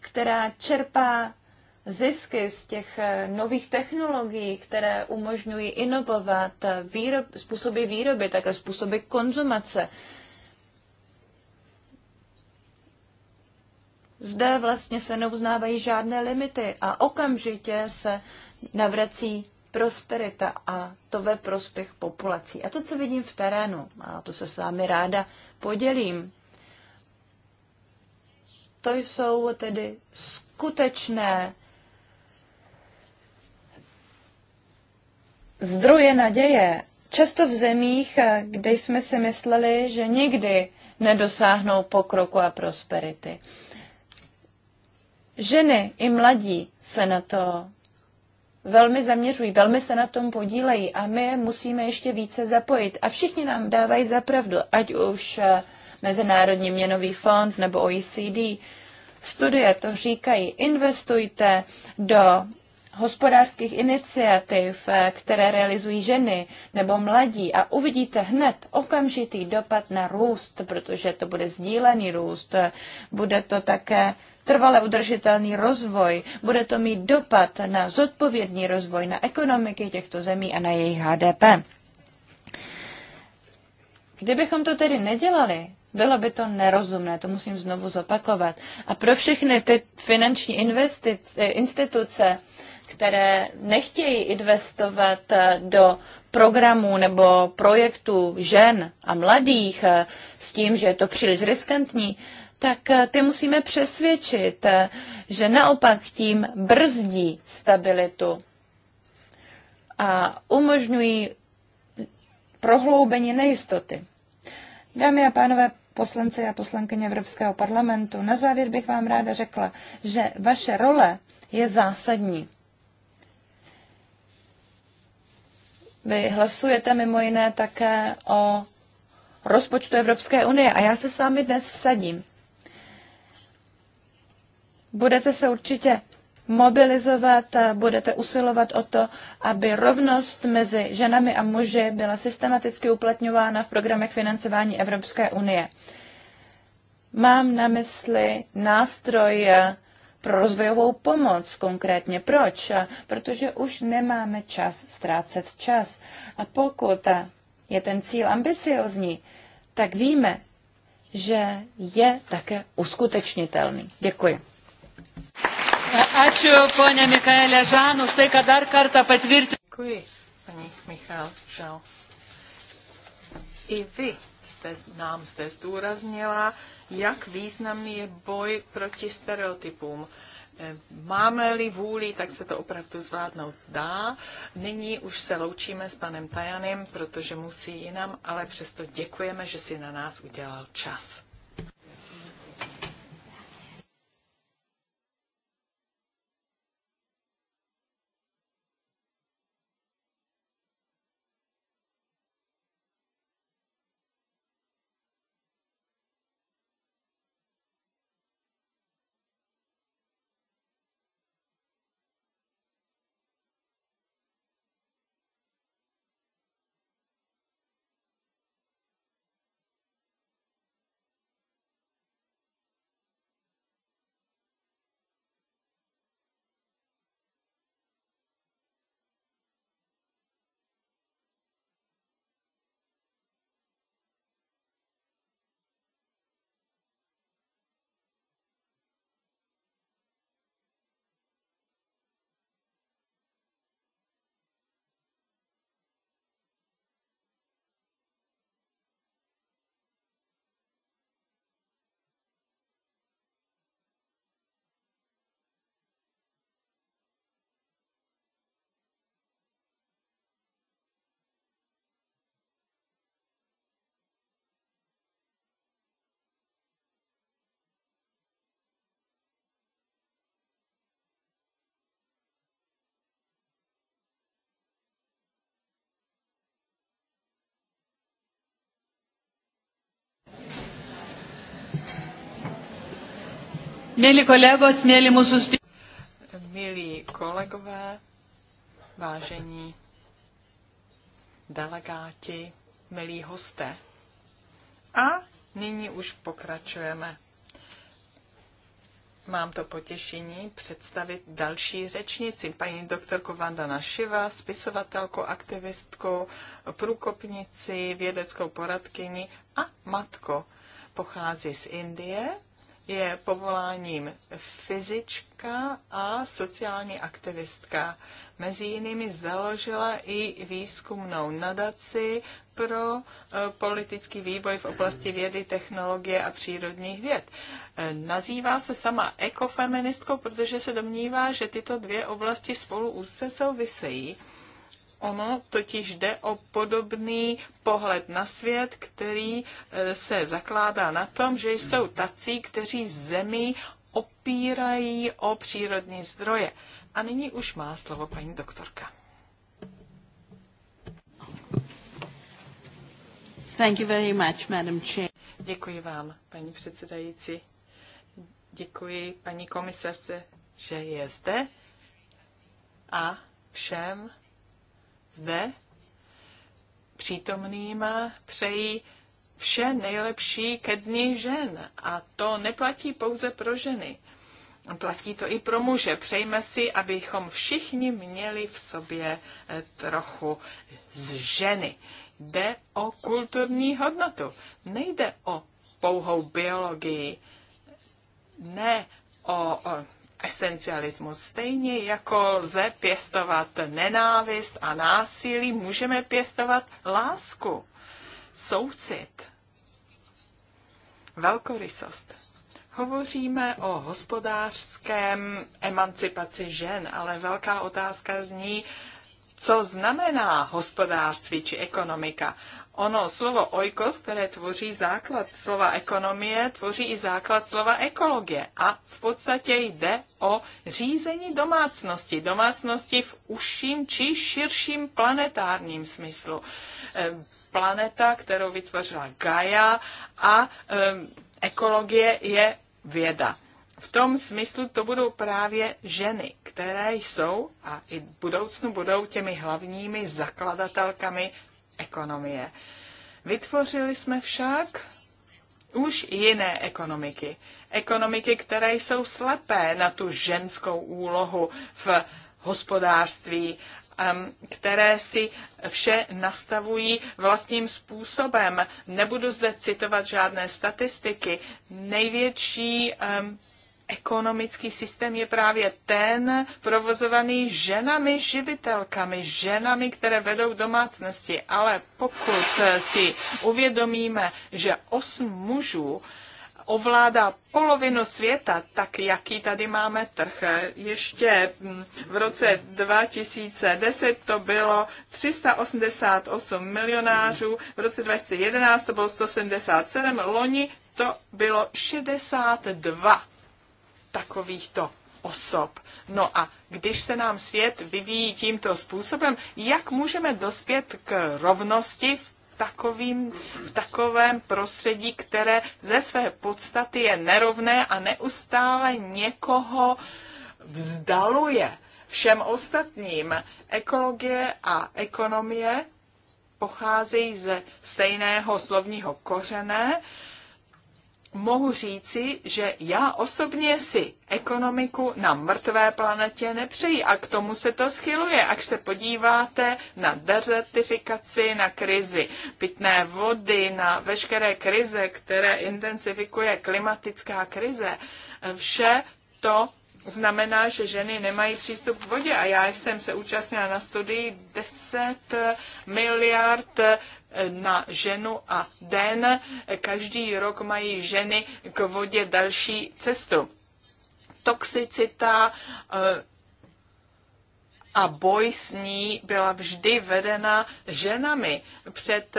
B: která čerpá zisky z těch eh, nových technologií, které umožňují inovovat eh, výrob, způsoby výroby, také způsoby konzumace. Zde vlastně se neuznávají žádné limity a okamžitě se navrací prosperita a to ve prospěch populací. A to, co vidím v terénu, a to se s vámi ráda podělím, to jsou tedy skutečné zdroje naděje. Často v zemích, kde jsme si mysleli, že nikdy nedosáhnou pokroku a prosperity. Ženy i mladí se na to velmi zaměřují, velmi se na tom podílejí a my musíme ještě více zapojit. A všichni nám dávají zapravdu, ať už eh, Mezinárodní měnový fond nebo OECD. Studie to říkají, investujte do hospodářských iniciativ, eh, které realizují ženy nebo mladí a uvidíte hned okamžitý dopad na růst, protože to bude sdílený růst, bude to také trvale udržitelný rozvoj. Bude to mít dopad na zodpovědný rozvoj, na ekonomiky těchto zemí a na jejich HDP. Kdybychom to tedy nedělali, bylo by to nerozumné, to musím znovu zopakovat. A pro všechny ty finanční investic, eh, instituce, které nechtějí investovat eh, do programů nebo projektů žen a mladých eh, s tím, že je to příliš riskantní, tak eh, ty musíme přesvědčit, eh, že naopak tím brzdí stabilitu a umožňují prohloubení nejistoty. Dámy a pánové, poslanci a poslankyně Evropského parlamentu, na závěr bych vám ráda řekla, že vaše role je zásadní. Vy hlasujete mimo jiné také o rozpočtu Evropské unie a já se s vámi dnes vsadím, budete se určitě mobilizovat, budete usilovat o to, aby rovnost mezi ženami a muži byla systematicky uplatňována v programech financování Evropské unie. Mám na mysli nástroj pro rozvojovou pomoc konkrétně. Proč? Protože už nemáme čas ztrácet čas. A pokud je ten cíl ambiciozní, tak víme, že je také uskutečnitelný. Děkuji.
A: Ačiū, ponė Mikaelė Žan, už tai, kad dar kartą Děkuji, paní Michal Žal. I vy jste, nám zde zdůraznila, jak významný je boj proti stereotypům. Eh, Máme-li vůli, tak se to opravdu zvládnout dá. Nyní už se loučíme s panem Tajanem, protože musí jinam, ale přesto děkujeme, že si na nás udělal čas. Milí kolegové, milí mūsų Milí kolegové, vážení delegáti, milí hosté. A nyní už pokračujeme. Mám to potěšení představit další řečnici, paní doktorku Vandana Šiva, spisovatelku, aktivistku, průkopnici, vědeckou poradkyni a matko. Pochází z Indie, je povoláním fyzička a sociální aktivistka. Mezi jinými založila i výzkumnou nadaci pro e, politický vývoj v oblasti vědy, technologie a přírodních věd. E, nazývá se sama ekofeministkou, protože se domnívá, že tyto dvě oblasti spolu úzce souvisejí Ono totiž jde o podobný pohled na svět, který eh, se zakládá na tom, že jsou tací, kteří zemi opírají o přírodní zdroje. A nyní už má slovo paní doktorka. Thank
B: you very much, Madam Chair.
A: Děkuji vám, paní předsedající. Děkuji paní komisařce, že je zde a všem zde přítomným přeji vše nejlepší ke dní žen. A to neplatí pouze pro ženy. Platí to i pro muže. Přejme si, abychom všichni měli v sobě eh, trochu z ženy. Jde o kulturní hodnotu. Nejde o pouhou biologii. Ne o, o esencialismus. Stejně jako lze pěstovat nenávist a násilí, můžeme pěstovat lásku, soucit, velkorysost. Hovoříme o hospodářském emancipaci žen, ale velká otázka zní, co znamená hospodářství či ekonomika ono slovo oikos, které tvoří základ slova ekonomie, tvoří i základ slova ekologie. A v podstatě jde o řízení domácnosti. Domácnosti v užším či širším planetárním smyslu. E, planeta, kterou vytvořila Gaia a e, ekologie je věda. V tom smyslu to budou právě ženy, které jsou a i v budoucnu budou těmi hlavními zakladatelkami ekonomie. Vytvořili jsme však už jiné ekonomiky. Ekonomiky, které jsou slepé na tu ženskou úlohu v hospodářství, které si vše nastavují vlastním způsobem. Nebudu zde citovat žádné statistiky. Největší ekonomický systém je právě ten provozovaný ženami živitelkami, ženami, které vedou domácnosti. Ale pokud si uvědomíme, že osm mužů ovládá polovinu světa, tak jaký tady máme trh? Ještě mm, v roce 2010 to bylo 388 milionářů, v roce 2011 to bylo 177, loni to bylo 62 takovýchto osob. No a když se nám svět vyvíjí tímto způsobem, jak můžeme dospět k rovnosti v takovým, v takovém prostředí, které ze své podstaty je nerovné a neustále někoho vzdaluje všem ostatním. Ekologie a ekonomie pocházejí ze stejného slovního kořene, mohu říci, že já osobně si ekonomiku na mrtvé planetě nepřeji a k tomu se to schyluje. Až se podíváte na dezertifikaci, na krizi pitné vody, na veškeré krize, které intensifikuje klimatická krize, vše to znamená, že ženy nemají přístup k vodě a já jsem se účastnila na studii 10 miliard na ženu a den. Každý rok mají ženy k vodě další cestu. Toxicita eh, a boj s ní byla vždy vedena ženami. Před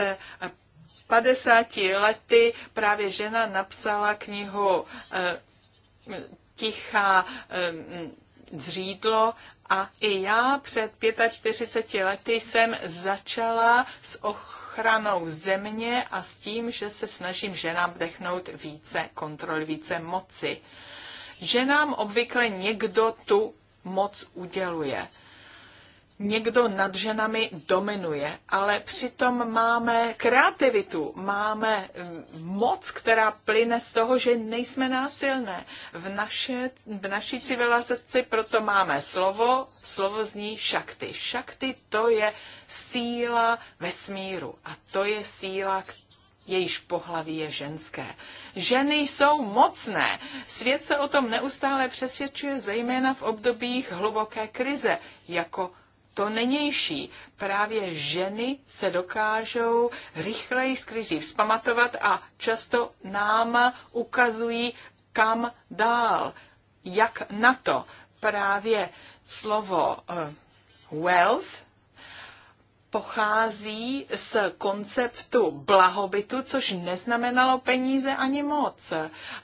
A: 50 eh, lety právě žena napsala knihu eh, Tichá zřídlo a i já před 45 lety jsem začala s ochranou země a s tím, že se snažím ženám vdechnout více kontrol, více moci. Ženám obvykle někdo tu moc uděluje někdo nad ženami dominuje, ale přitom máme kreativitu, máme hm, moc, která plyne z toho, že nejsme násilné. V, naše, v naší civilizaci proto máme slovo, slovo zní šakty. Šakty to je síla vesmíru a to je síla, jejíž pohlaví je ženské. Ženy jsou mocné. Svět se o tom neustále přesvědčuje, zejména v obdobích hluboké krize, jako to nenější. Právě ženy se dokážou rychleji z krizí vzpamatovat a často nám ukazují, kam dál, jak na to. Právě slovo uh, wealth pochází z konceptu blahobytu, což neznamenalo peníze ani moc.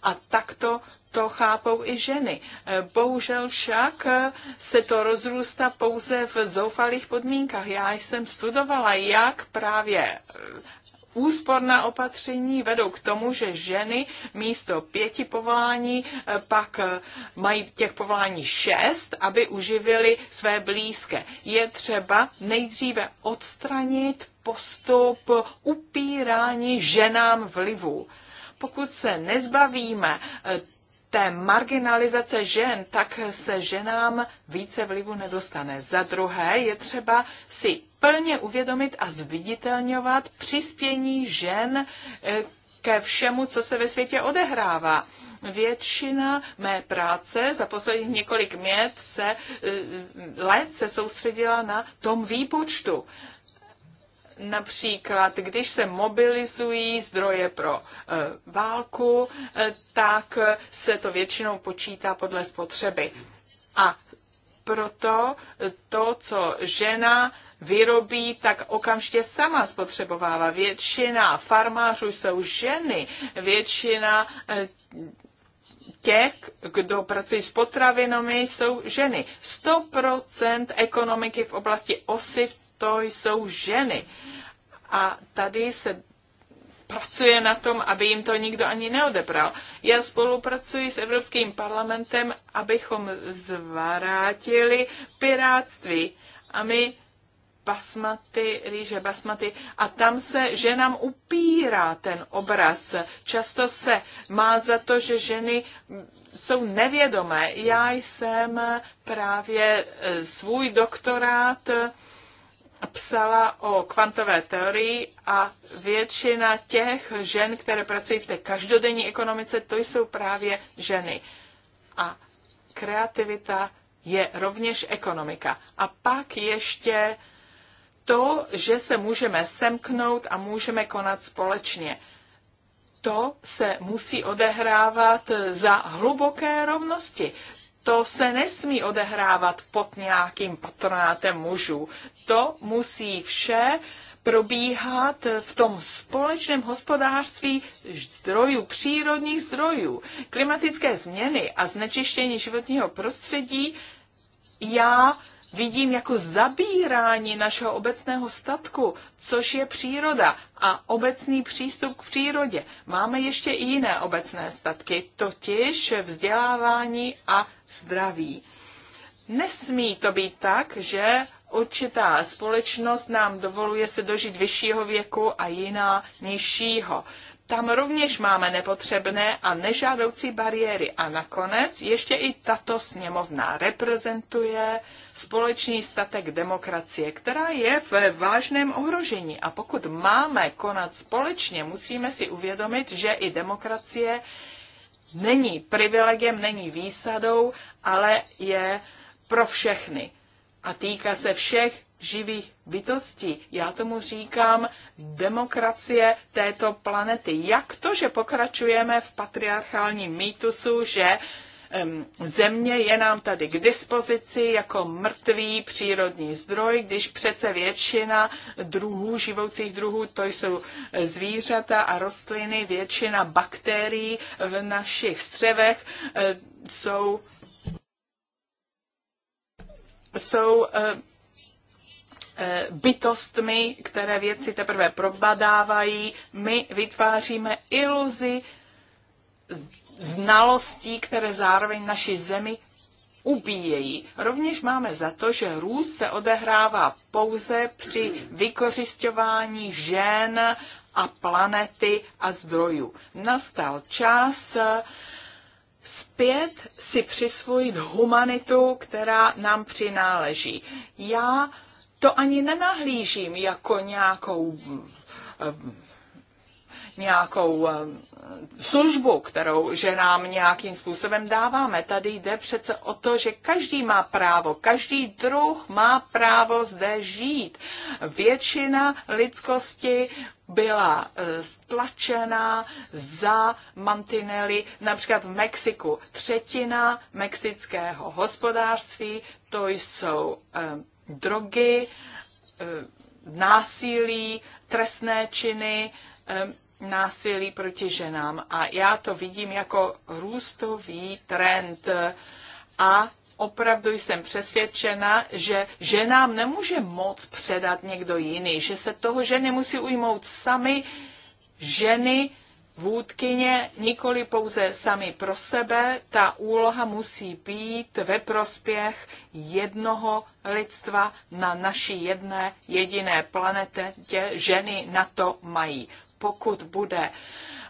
A: A takto to chápou i ženy. Eh, bohužel však eh, se to rozrůstá pouze v zoufalých podmínkách. Já jsem studovala, jak právě eh, úsporná opatření vedou k tomu, že ženy místo pěti povolání pak mají těch povolání šest, aby uživili své blízké. Je třeba nejdříve odstranit postup upírání ženám vlivu pokud se nezbavíme té marginalizace žen, tak se ženám více vlivu nedostane. Za druhé je třeba si plně uvědomit a zviditelňovat přispění žen eh, ke všemu, co se ve světě odehrává. Většina mé práce za posledních několik mět se, eh, let se soustředila na tom výpočtu Například, když se mobilizují zdroje pro e, válku, e, tak se to většinou počítá podle spotřeby. A proto to, co žena vyrobí, tak okamžitě sama spotřebovává. Většina farmářů jsou ženy, většina e, těch, kdo pracují s potravinami, jsou ženy. 100% ekonomiky v oblasti osiv to jsou ženy. A tady se pracuje na tom, aby jim to nikdo ani neodebral. Já spolupracuji s Evropským parlamentem, abychom zvarátili piráctví. A my basmaty, rýže basmaty a tam se ženám upírá ten obraz. Často se má za to, že ženy jsou nevědomé. Já jsem právě eh, svůj doktorát psala o kvantové teorii a většina těch žen, které pracují v té každodenní ekonomice, to jsou právě ženy. A kreativita je rovněž ekonomika. A pak ještě to, že se můžeme semknout a můžeme konat společně. To se musí odehrávat za hluboké rovnosti to se nesmí odehrávat pod nějakým patronátem mužů. To musí vše probíhat v tom společném hospodářství zdrojů, přírodních zdrojů. Klimatické změny a znečištění životního prostředí já vidím jako zabírání našeho obecného statku, což je příroda a obecný přístup k přírodě. Máme ještě i jiné obecné statky, totiž vzdělávání a zdraví. Nesmí to být tak, že určitá společnost nám dovoluje se dožít vyššího věku a jiná nižšího tam rovněž máme nepotřebné a nežádoucí bariéry. A nakonec ještě i tato sněmovna reprezentuje společný statek demokracie, která je v vážném ohrožení. A pokud máme konat společně, musíme si uvědomit, že i demokracie není privilegem, není výsadou, ale je pro všechny a týká se všech živých bytostí. Já tomu říkám demokracie této planety. Jak to, že pokračujeme v patriarchálním mýtusu, že země je nám tady k dispozici jako mrtvý přírodní zdroj, když přece většina druhů, živoucích druhů, to jsou eh, zvířata a rostliny, většina bakterií v našich střevech eh, jsou jsou eh, Eh, bytostmi, které věci teprve probadávají. My vytváříme iluzi znalostí, které zároveň naši zemi ubíjejí. Rovněž máme za to, že růst se odehrává pouze při vykořišťování žen a planety a zdrojů. Nastal čas eh, zpět si přisvojit humanitu, která nám přináleží. Já to ani nenahlížím jako nějakou eh, nějakou eh, službu, kterou ženám nějakým způsobem dáváme. Tady jde přece o to, že každý má právo, každý druh má právo zde žít. Většina lidskosti byla eh, stlačena za mantinely, například v Mexiku. Třetina mexického hospodářství, to jsou drogy, eh, násilí, trestné činy, eh, násilí proti ženám. A já to vidím jako růstový trend. A opravdu jsem přesvědčena, že ženám nemůže moc předat někdo jiný, že se toho ženy musí ujmout sami ženy, vůdkyně nikoli pouze sami pro sebe, ta úloha musí být ve prospěch jednoho lidstva na naší jedné jediné planetě. Ženy na to mají. Pokud bude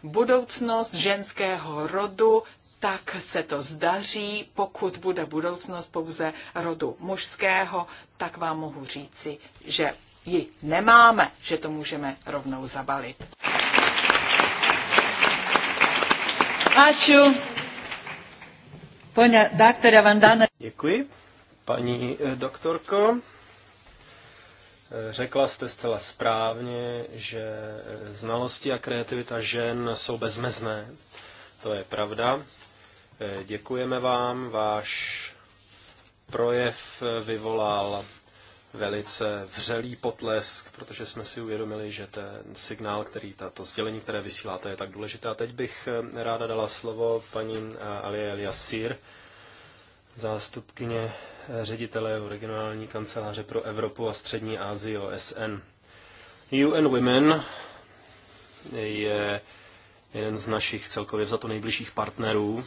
A: budoucnost ženského rodu, tak se to zdaří. Pokud bude budoucnost pouze rodu mužského, tak vám mohu říci, že ji nemáme, že to můžeme rovnou zabalit. Ačiū. Pane doktore Vandana.
C: Děkuji. Paní eh, doktorko, eh, řekla jste zcela správně, že eh, znalosti a kreativita žen jsou bezmezné. To je pravda. Děkujeme vám, váš projev vyvolal velice vřelý potlesk, protože jsme si uvědomili, že ten signál, který tato sdělení, které vysíláte, je tak důležité. A teď bych eh, ráda dala slovo paní eh, Alie Eliasir, zástupkyně eh, ředitele regionální kanceláře pro Evropu a střední Asii OSN. UN Women je jeden z našich celkově za to nejbližších partnerů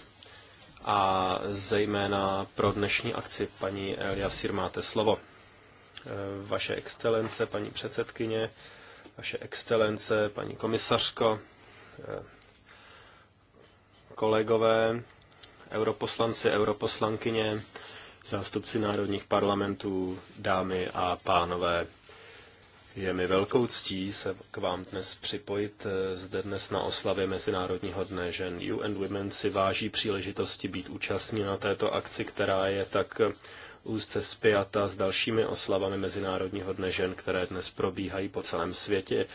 C: a zejména pro dnešní akci paní Eliasir máte slovo. Eh, vaše excelence, paní předsedkyně, vaše excelence, paní komisařko, eh, kolegové, europoslanci, europoslankyně, zástupci národních parlamentů, dámy a pánové. Je mi velkou ctí se k vám dnes připojit. Eh, zde dnes na oslavě Mezinárodního dne žen UN Women si váží příležitosti být účastní na této akci, která je tak úzce spjata s dalšími oslavami Mezinárodního dne žen, které dnes probíhají po celém světě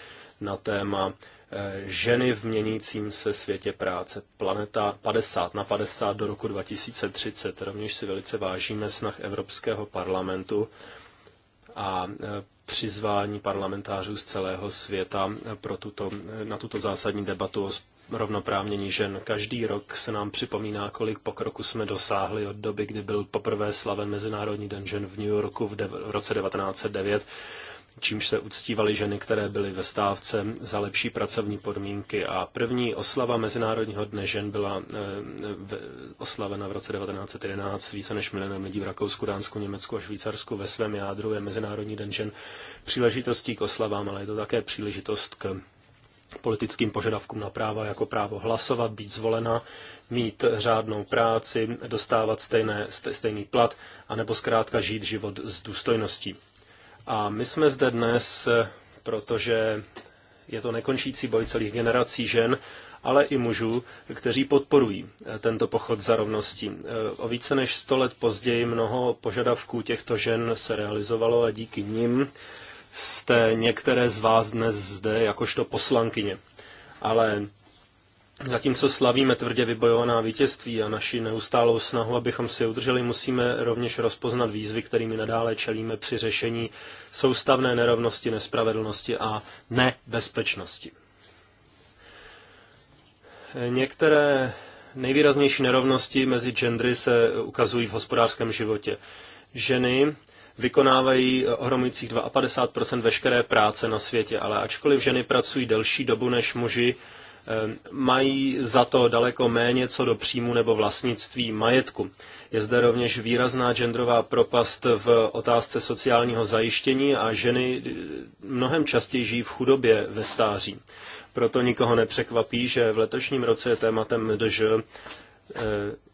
C: na téma eh, ženy v měnícím se světě práce. Planeta 50 na 50 do roku 2030. Rovněž si velice vážíme snah Evropského parlamentu a eh, přizvání parlamentářů z celého světa eh, pro tuto, na tuto zásadní debatu o rovnoprávnění žen. Každý rok se nám připomíná, kolik pokroku jsme dosáhli od doby, kdy byl poprvé slaven Mezinárodní den žen v New Yorku v, v roce 1909 čímž se uctívaly ženy, které byly ve stávce za lepší pracovní podmínky. A první oslava Mezinárodního dne žen byla e, oslavena v roce 1911 více než milionem lidí v Rakousku, Dánsku, Německu a Švýcarsku. Ve svém jádru je Mezinárodní den žen příležitostí k oslavám, ale je to také příležitost k politickým požadavkům na práva, jako právo hlasovat, být zvolena, mít řádnou práci, dostávat stejné, stejný plat, anebo zkrátka žít život s důstojností. A my jsme zde dnes, protože je to nekončící boj celých generací žen, ale i mužů, kteří podporují eh, tento pochod za rovností. Eh, o více než 100 let později mnoho požadavků těchto žen se realizovalo a díky nim jste některé z vás dnes zde jakožto poslankyně. Ale zatímco slavíme tvrdě vybojovaná vítězství a naši neustálou snahu, abychom si je udrželi, musíme rovněž rozpoznat výzvy, kterými nadále čelíme při řešení soustavné nerovnosti, nespravedlnosti a nebezpečnosti. Některé nejvýraznější nerovnosti mezi gendry se ukazují v hospodářském životě. Ženy vykonávají eh, ohromujících 52% veškeré práce na světě, ale ačkoliv ženy pracují delší dobu než muži, eh, mají za to daleko méně co do příjmu nebo vlastnictví majetku. Je zde rovněž výrazná genderová propast v otázce sociálního zajištění a ženy eh, mnohem častěji žijí v chudobě ve stáří. Proto nikoho nepřekvapí, že v letošním roce je tématem DŽ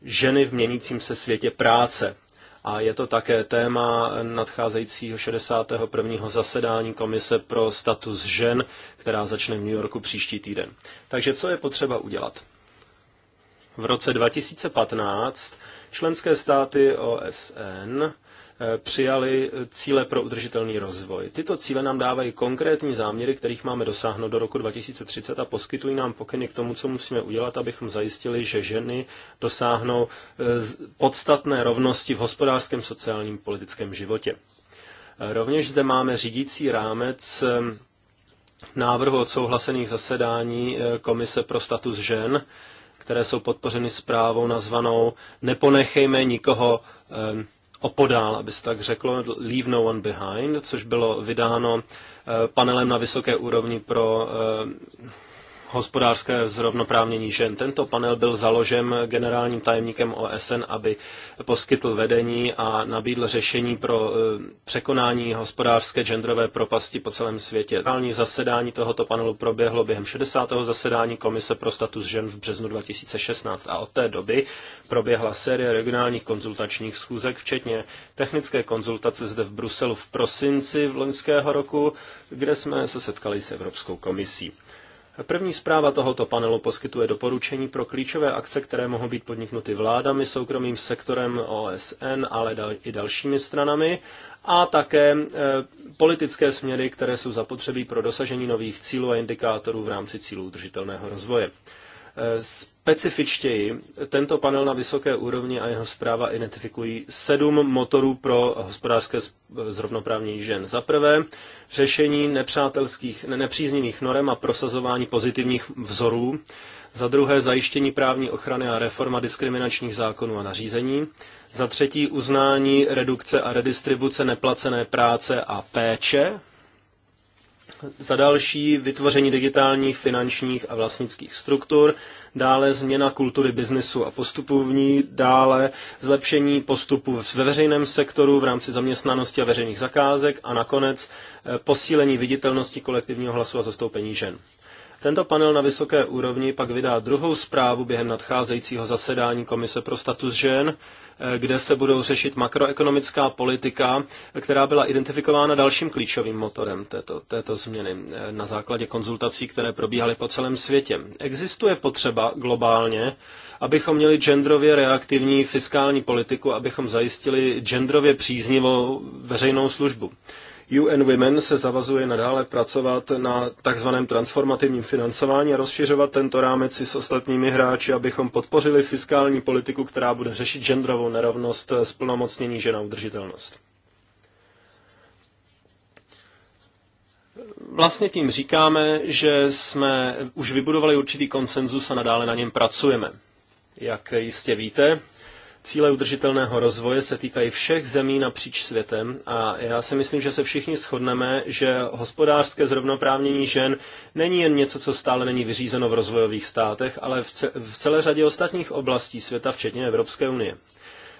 C: ženy v měnícím se světě práce a je to také téma nadcházejícího 61. zasedání Komise pro status žen, která začne v New Yorku příští týden. Takže co je potřeba udělat? V roce 2015 členské státy OSN přijali cíle pro udržitelný rozvoj. Tyto cíle nám dávají konkrétní záměry, kterých máme dosáhnout do roku 2030 a poskytují nám pokyny k tomu, co musíme udělat, abychom zajistili, že ženy dosáhnou eh, podstatné rovnosti v hospodářském, sociálním, politickém životě. Eh, rovněž zde máme řídící rámec eh, návrhu odsouhlasených zasedání Komise pro status žen, které jsou podpořeny zprávou nazvanou Neponechejme nikoho opodál, aby se tak řeklo, Leave No One Behind, což bylo vydáno eh, panelem na vysoké úrovni pro eh, hospodářské zrovnoprávnění žen. Tento panel byl založen generálním tajemníkem OSN, aby poskytl vedení a nabídl řešení pro e, překonání hospodářské genderové propasti po celém světě. Generální zasedání tohoto panelu proběhlo během 60. zasedání Komise pro status žen v březnu 2016 a od té doby proběhla série regionálních konzultačních schůzek, včetně technické konzultace zde v Bruselu v prosinci v loňského roku, kde jsme se setkali s Evropskou komisí. První zpráva tohoto panelu poskytuje doporučení pro klíčové akce, které mohou být podniknuty vládami, soukromým sektorem OSN, ale i dalšími stranami a také e, politické směry, které jsou zapotřebí pro dosažení nových cílů a indikátorů v rámci cílů udržitelného rozvoje. E, specifičtěji tento panel na vysoké úrovni a jeho zpráva identifikují sedm motorů pro hospodářské zrovnoprávnění žen. Za prvé, řešení nepřátelských, nepříznivých norem a prosazování pozitivních vzorů. Za druhé, zajištění právní ochrany a reforma diskriminačních zákonů a nařízení. Za třetí, uznání, redukce a redistribuce neplacené práce a péče za další vytvoření digitálních, finančních a vlastnických struktur, dále změna kultury biznesu a postupu v ní, dále zlepšení postupů ve veřejném sektoru v rámci zaměstnanosti a veřejných zakázek a nakonec eh, posílení viditelnosti kolektivního hlasu a zastoupení žen. Tento panel na vysoké úrovni pak vydá druhou zprávu během nadcházejícího zasedání Komise pro status žen, eh, kde se budou řešit makroekonomická politika, která byla identifikována dalším klíčovým motorem této, této změny eh, na základě konzultací, které probíhaly po celém světě. Existuje potřeba globálně, abychom měli genderově reaktivní fiskální politiku, abychom zajistili genderově příznivou veřejnou službu. UN Women se zavazuje nadále pracovat na takzvaném transformativním financování a rozšiřovat tento rámec i s ostatními hráči, abychom podpořili fiskální politiku, která bude řešit genderovou nerovnost, splnomocnění žen udržitelnost. Vlastně tím říkáme, že jsme už vybudovali určitý konsenzus a nadále na něm pracujeme. Jak jistě víte, Cíle udržitelného rozvoje se týkají všech zemí napříč světem a já si myslím, že se všichni shodneme, že hospodářské zrovnoprávnění žen není jen něco, co stále není vyřízeno v rozvojových státech, ale v celé řadě ostatních oblastí světa, včetně Evropské unie.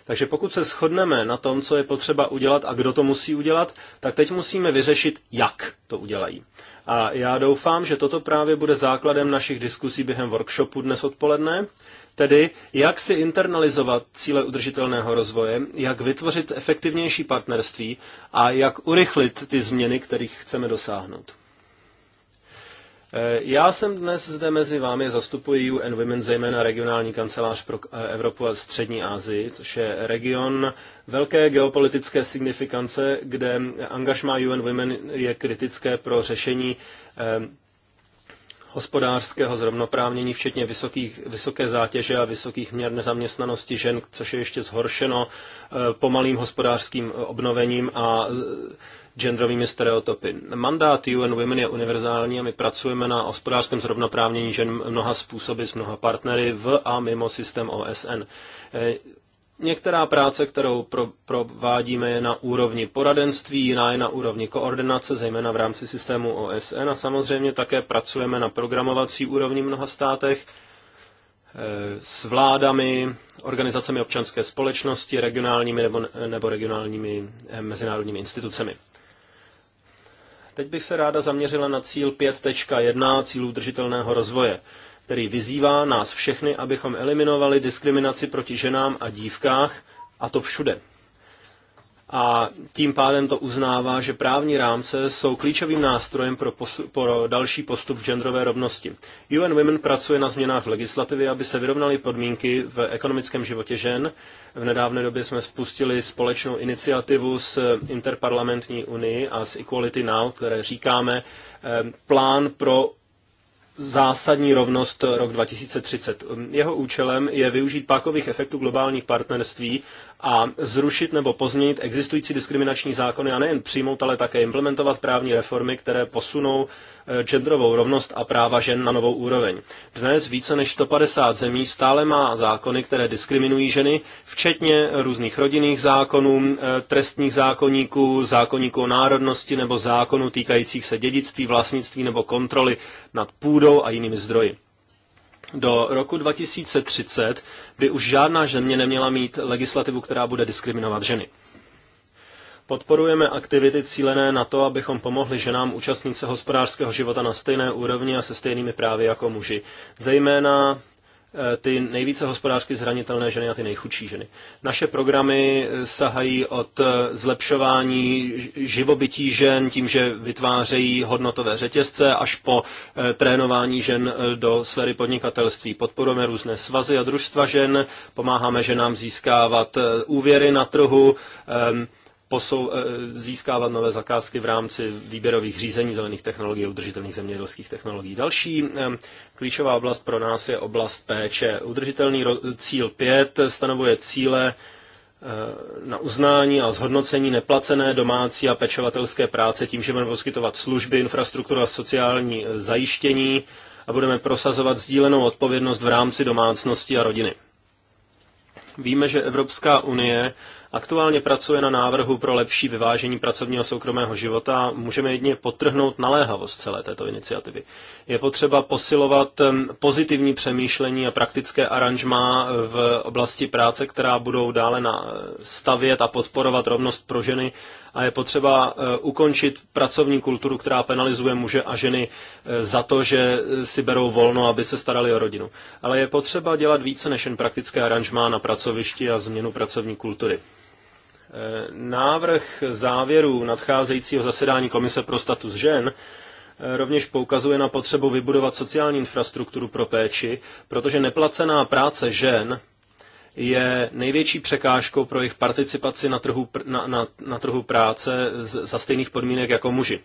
C: Takže pokud se shodneme na tom, co je potřeba udělat a kdo to musí udělat, tak teď musíme vyřešit, jak to udělají. A já doufám, že toto právě bude základem našich diskusí během workshopu dnes odpoledne Tedy jak si internalizovat cíle udržitelného rozvoje, jak vytvořit efektivnější partnerství a jak urychlit ty změny, kterých chceme dosáhnout. Eh, já jsem dnes zde mezi vámi zastupuji UN Women, zejména regionální kancelář pro eh, Evropu a Střední Asii, což je region velké geopolitické signifikance, kde angažma UN Women je kritické pro řešení eh, hospodářského zrovnoprávnění, včetně vysokých, vysoké zátěže a vysokých měr nezaměstnanosti žen, což je ještě zhoršeno e, pomalým hospodářským obnovením a e, genderovými stereotypy. Mandát UN Women je univerzální a my pracujeme na hospodářském zrovnoprávnění žen mnoha způsoby s mnoha partnery v a mimo systém OSN. E, Některá práce, kterou pro, provádíme, je na úrovni poradenství, jiná je na úrovni koordinace, zejména v rámci systému OSN a samozřejmě také pracujeme na programovací úrovni v mnoha státech eh, s vládami, organizacemi občanské společnosti, regionálními nebo, nebo regionálními eh, mezinárodními institucemi. Teď bych se ráda zaměřila na cíl 5.1 cílů držitelného rozvoje který vyzývá nás všechny, abychom eliminovali diskriminaci proti ženám a dívkách, a to všude. A tím pádem to uznává, že právní rámce jsou klíčovým nástrojem pro, posu- pro další postup v genderové rovnosti. UN Women pracuje na změnách v legislativy, aby se vyrovnaly podmínky v ekonomickém životě žen. V nedávné době jsme spustili společnou iniciativu s Interparlamentní unii a s Equality Now, které říkáme eh, plán pro zásadní rovnost rok 2030. Jeho účelem je využít pákových efektů globálních partnerství a zrušit nebo pozměnit existující diskriminační zákony a nejen přijmout, ale také implementovat právní reformy, které posunou eh, genderovou rovnost a práva žen na novou úroveň. Dnes více než 150 zemí stále má zákony, které diskriminují ženy, včetně různých rodinných zákonů, eh, trestních zákonníků, zákonníků o národnosti nebo zákonů týkajících se dědictví, vlastnictví nebo kontroly nad půdou a jinými zdroji do roku 2030 by už žádná země neměla mít legislativu, která bude diskriminovat ženy. Podporujeme aktivity cílené na to, abychom pomohli ženám účastnit se hospodářského života na stejné úrovni a se stejnými právy jako muži. Zejména Eh, ty nejvíce hospodářsky zranitelné ženy a ty nejchudší ženy. Naše programy eh, sahají od eh, zlepšování živobytí žen tím, že vytvářejí hodnotové řetězce, až po trénování žen do sféry podnikatelství. Podporujeme různé svazy a družstva žen, pomáháme ženám získávat úvěry na trhu, ehm, posou, eh, získávat nové zakázky v rámci výběrových řízení zelených technologií a udržitelných zemědělských technologií. Další eh, klíčová oblast pro nás je oblast péče. Udržitelný cíl 5 stanovuje cíle eh, na uznání a zhodnocení neplacené domácí a pečovatelské práce tím, že budeme poskytovat služby, infrastrukturu a sociální zajištění a budeme prosazovat sdílenou odpovědnost v rámci domácnosti a rodiny. Víme, že Evropská unie Aktuálně pracuje na návrhu pro lepší vyvážení pracovního a soukromého života a můžeme jedině potrhnout naléhavost celé této iniciativy. Je potřeba posilovat pozitivní přemýšlení a praktické aranžma v oblasti práce, která budou dále stavět a podporovat rovnost pro ženy a je potřeba eh, ukončit pracovní kulturu, která penalizuje muže a ženy eh, za to, že eh, si berou volno, aby se starali o rodinu. Ale je potřeba dělat více než jen praktické aranžmá na pracovišti a změnu pracovní kultury. Návrh závěrů nadcházejícího zasedání Komise pro status žen rovněž poukazuje na potřebu vybudovat sociální infrastrukturu pro péči, protože neplacená práce žen je největší překážkou pro jejich participaci na trhu, na, na, na trhu práce z, za stejných podmínek jako muži.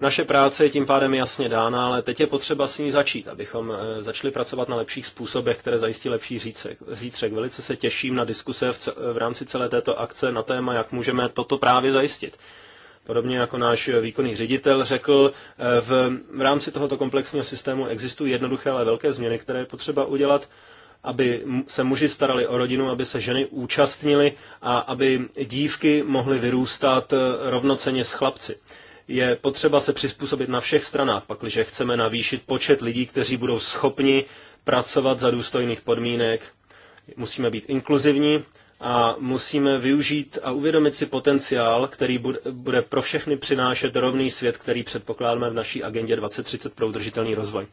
C: Naše práce je tím pádem jasně dána, ale teď je potřeba s ní začít, abychom eh, začali pracovat na lepších způsobech, které zajistí lepší řícek, zítřek. Velice se těším na diskuse v, v rámci celé této akce na téma, jak můžeme toto právě zajistit. Podobně jako náš výkonný ředitel řekl, eh, v, v rámci tohoto komplexního systému existují jednoduché, ale velké změny, které je potřeba udělat aby se muži starali o rodinu, aby se ženy účastnili a aby dívky mohly vyrůstat eh, rovnoceně s chlapci. Je potřeba se přizpůsobit na všech stranách, pakliže chceme navýšit počet lidí, kteří budou schopni pracovat za důstojných podmínek. Musíme být inkluzivní a musíme využít a uvědomit si potenciál, který bude pro všechny přinášet rovný svět, který předpokládáme v naší agendě 2030 pro udržitelný rozvoj.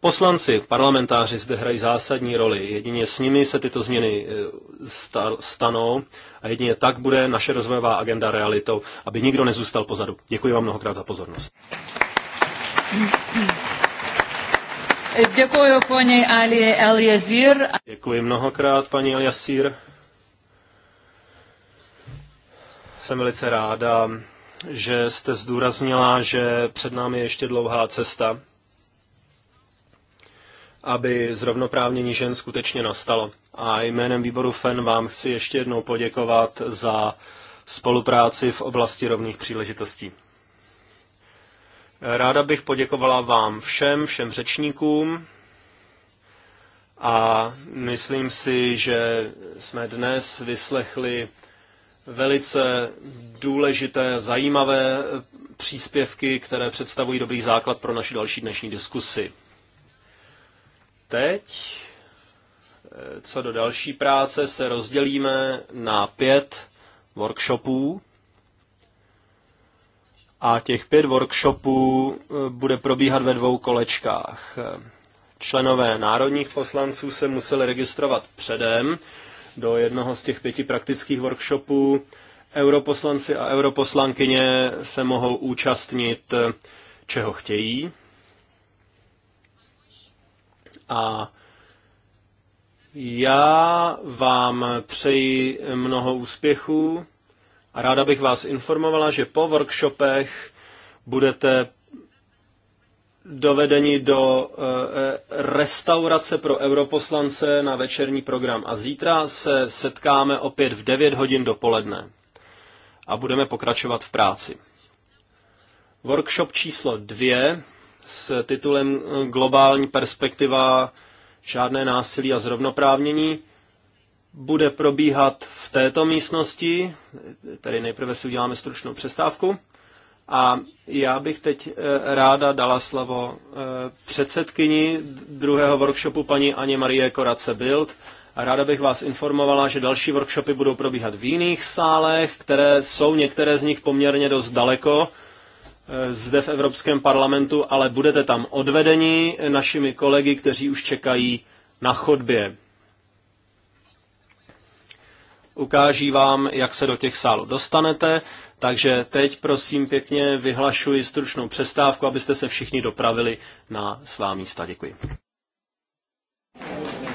C: Poslanci, parlamentáři zde hrají zásadní roli. Jedině s nimi se tyto změny e, stanou a jedině tak bude naše rozvojová agenda realitou, aby nikdo nezůstal pozadu. Děkuji vám mnohokrát za pozornost.
B: Děkuji paní Ali
C: Eliazir. Děkuji mnohokrát paní Eliazir. Jsem velice ráda, že jste zdůraznila, že před námi je ještě dlouhá cesta aby zrovnoprávnění žen skutečně nastalo. A jménem výboru FEN vám chci ještě jednou poděkovat za spolupráci v oblasti rovných příležitostí. Ráda bych poděkovala vám všem, všem řečníkům a myslím si, že jsme dnes vyslechli velice důležité, zajímavé příspěvky, které představují dobrý základ pro naši další dnešní diskusi teď, eh, co do další práce, se rozdělíme na pět workshopů. A těch pět workshopů eh, bude probíhat ve dvou kolečkách. Eh, členové národních poslanců se museli registrovat předem do jednoho z těch pěti praktických workshopů. Europoslanci a europoslankyně se mohou účastnit, čeho chtějí. A já vám přeji mnoho úspěchů a ráda bych vás informovala, že po workshopech budete dovedeni do eh, restaurace pro europoslance na večerní program. A zítra se setkáme opět v 9 hodin dopoledne a budeme pokračovat v práci. Workshop číslo 2 s titulem Globální perspektiva žádné násilí a zrovnoprávnění bude probíhat v této místnosti. Tady nejprve si uděláme stručnou přestávku. A já bych teď eh, ráda dala slovo eh, předsedkyni druhého workshopu paní Aně Marie Korace Bild. A ráda bych vás informovala, že další workshopy budou probíhat v jiných sálech, které jsou některé z nich poměrně dost daleko Eh, zde v Evropském parlamentu, ale budete tam odvedeni našimi kolegy, kteří už čekají na chodbě. Ukáží vám, jak se do těch sálů dostanete, takže teď prosím pěkně vyhlašuji stručnou přestávku, abyste se všichni dopravili na svá místa. Děkuji.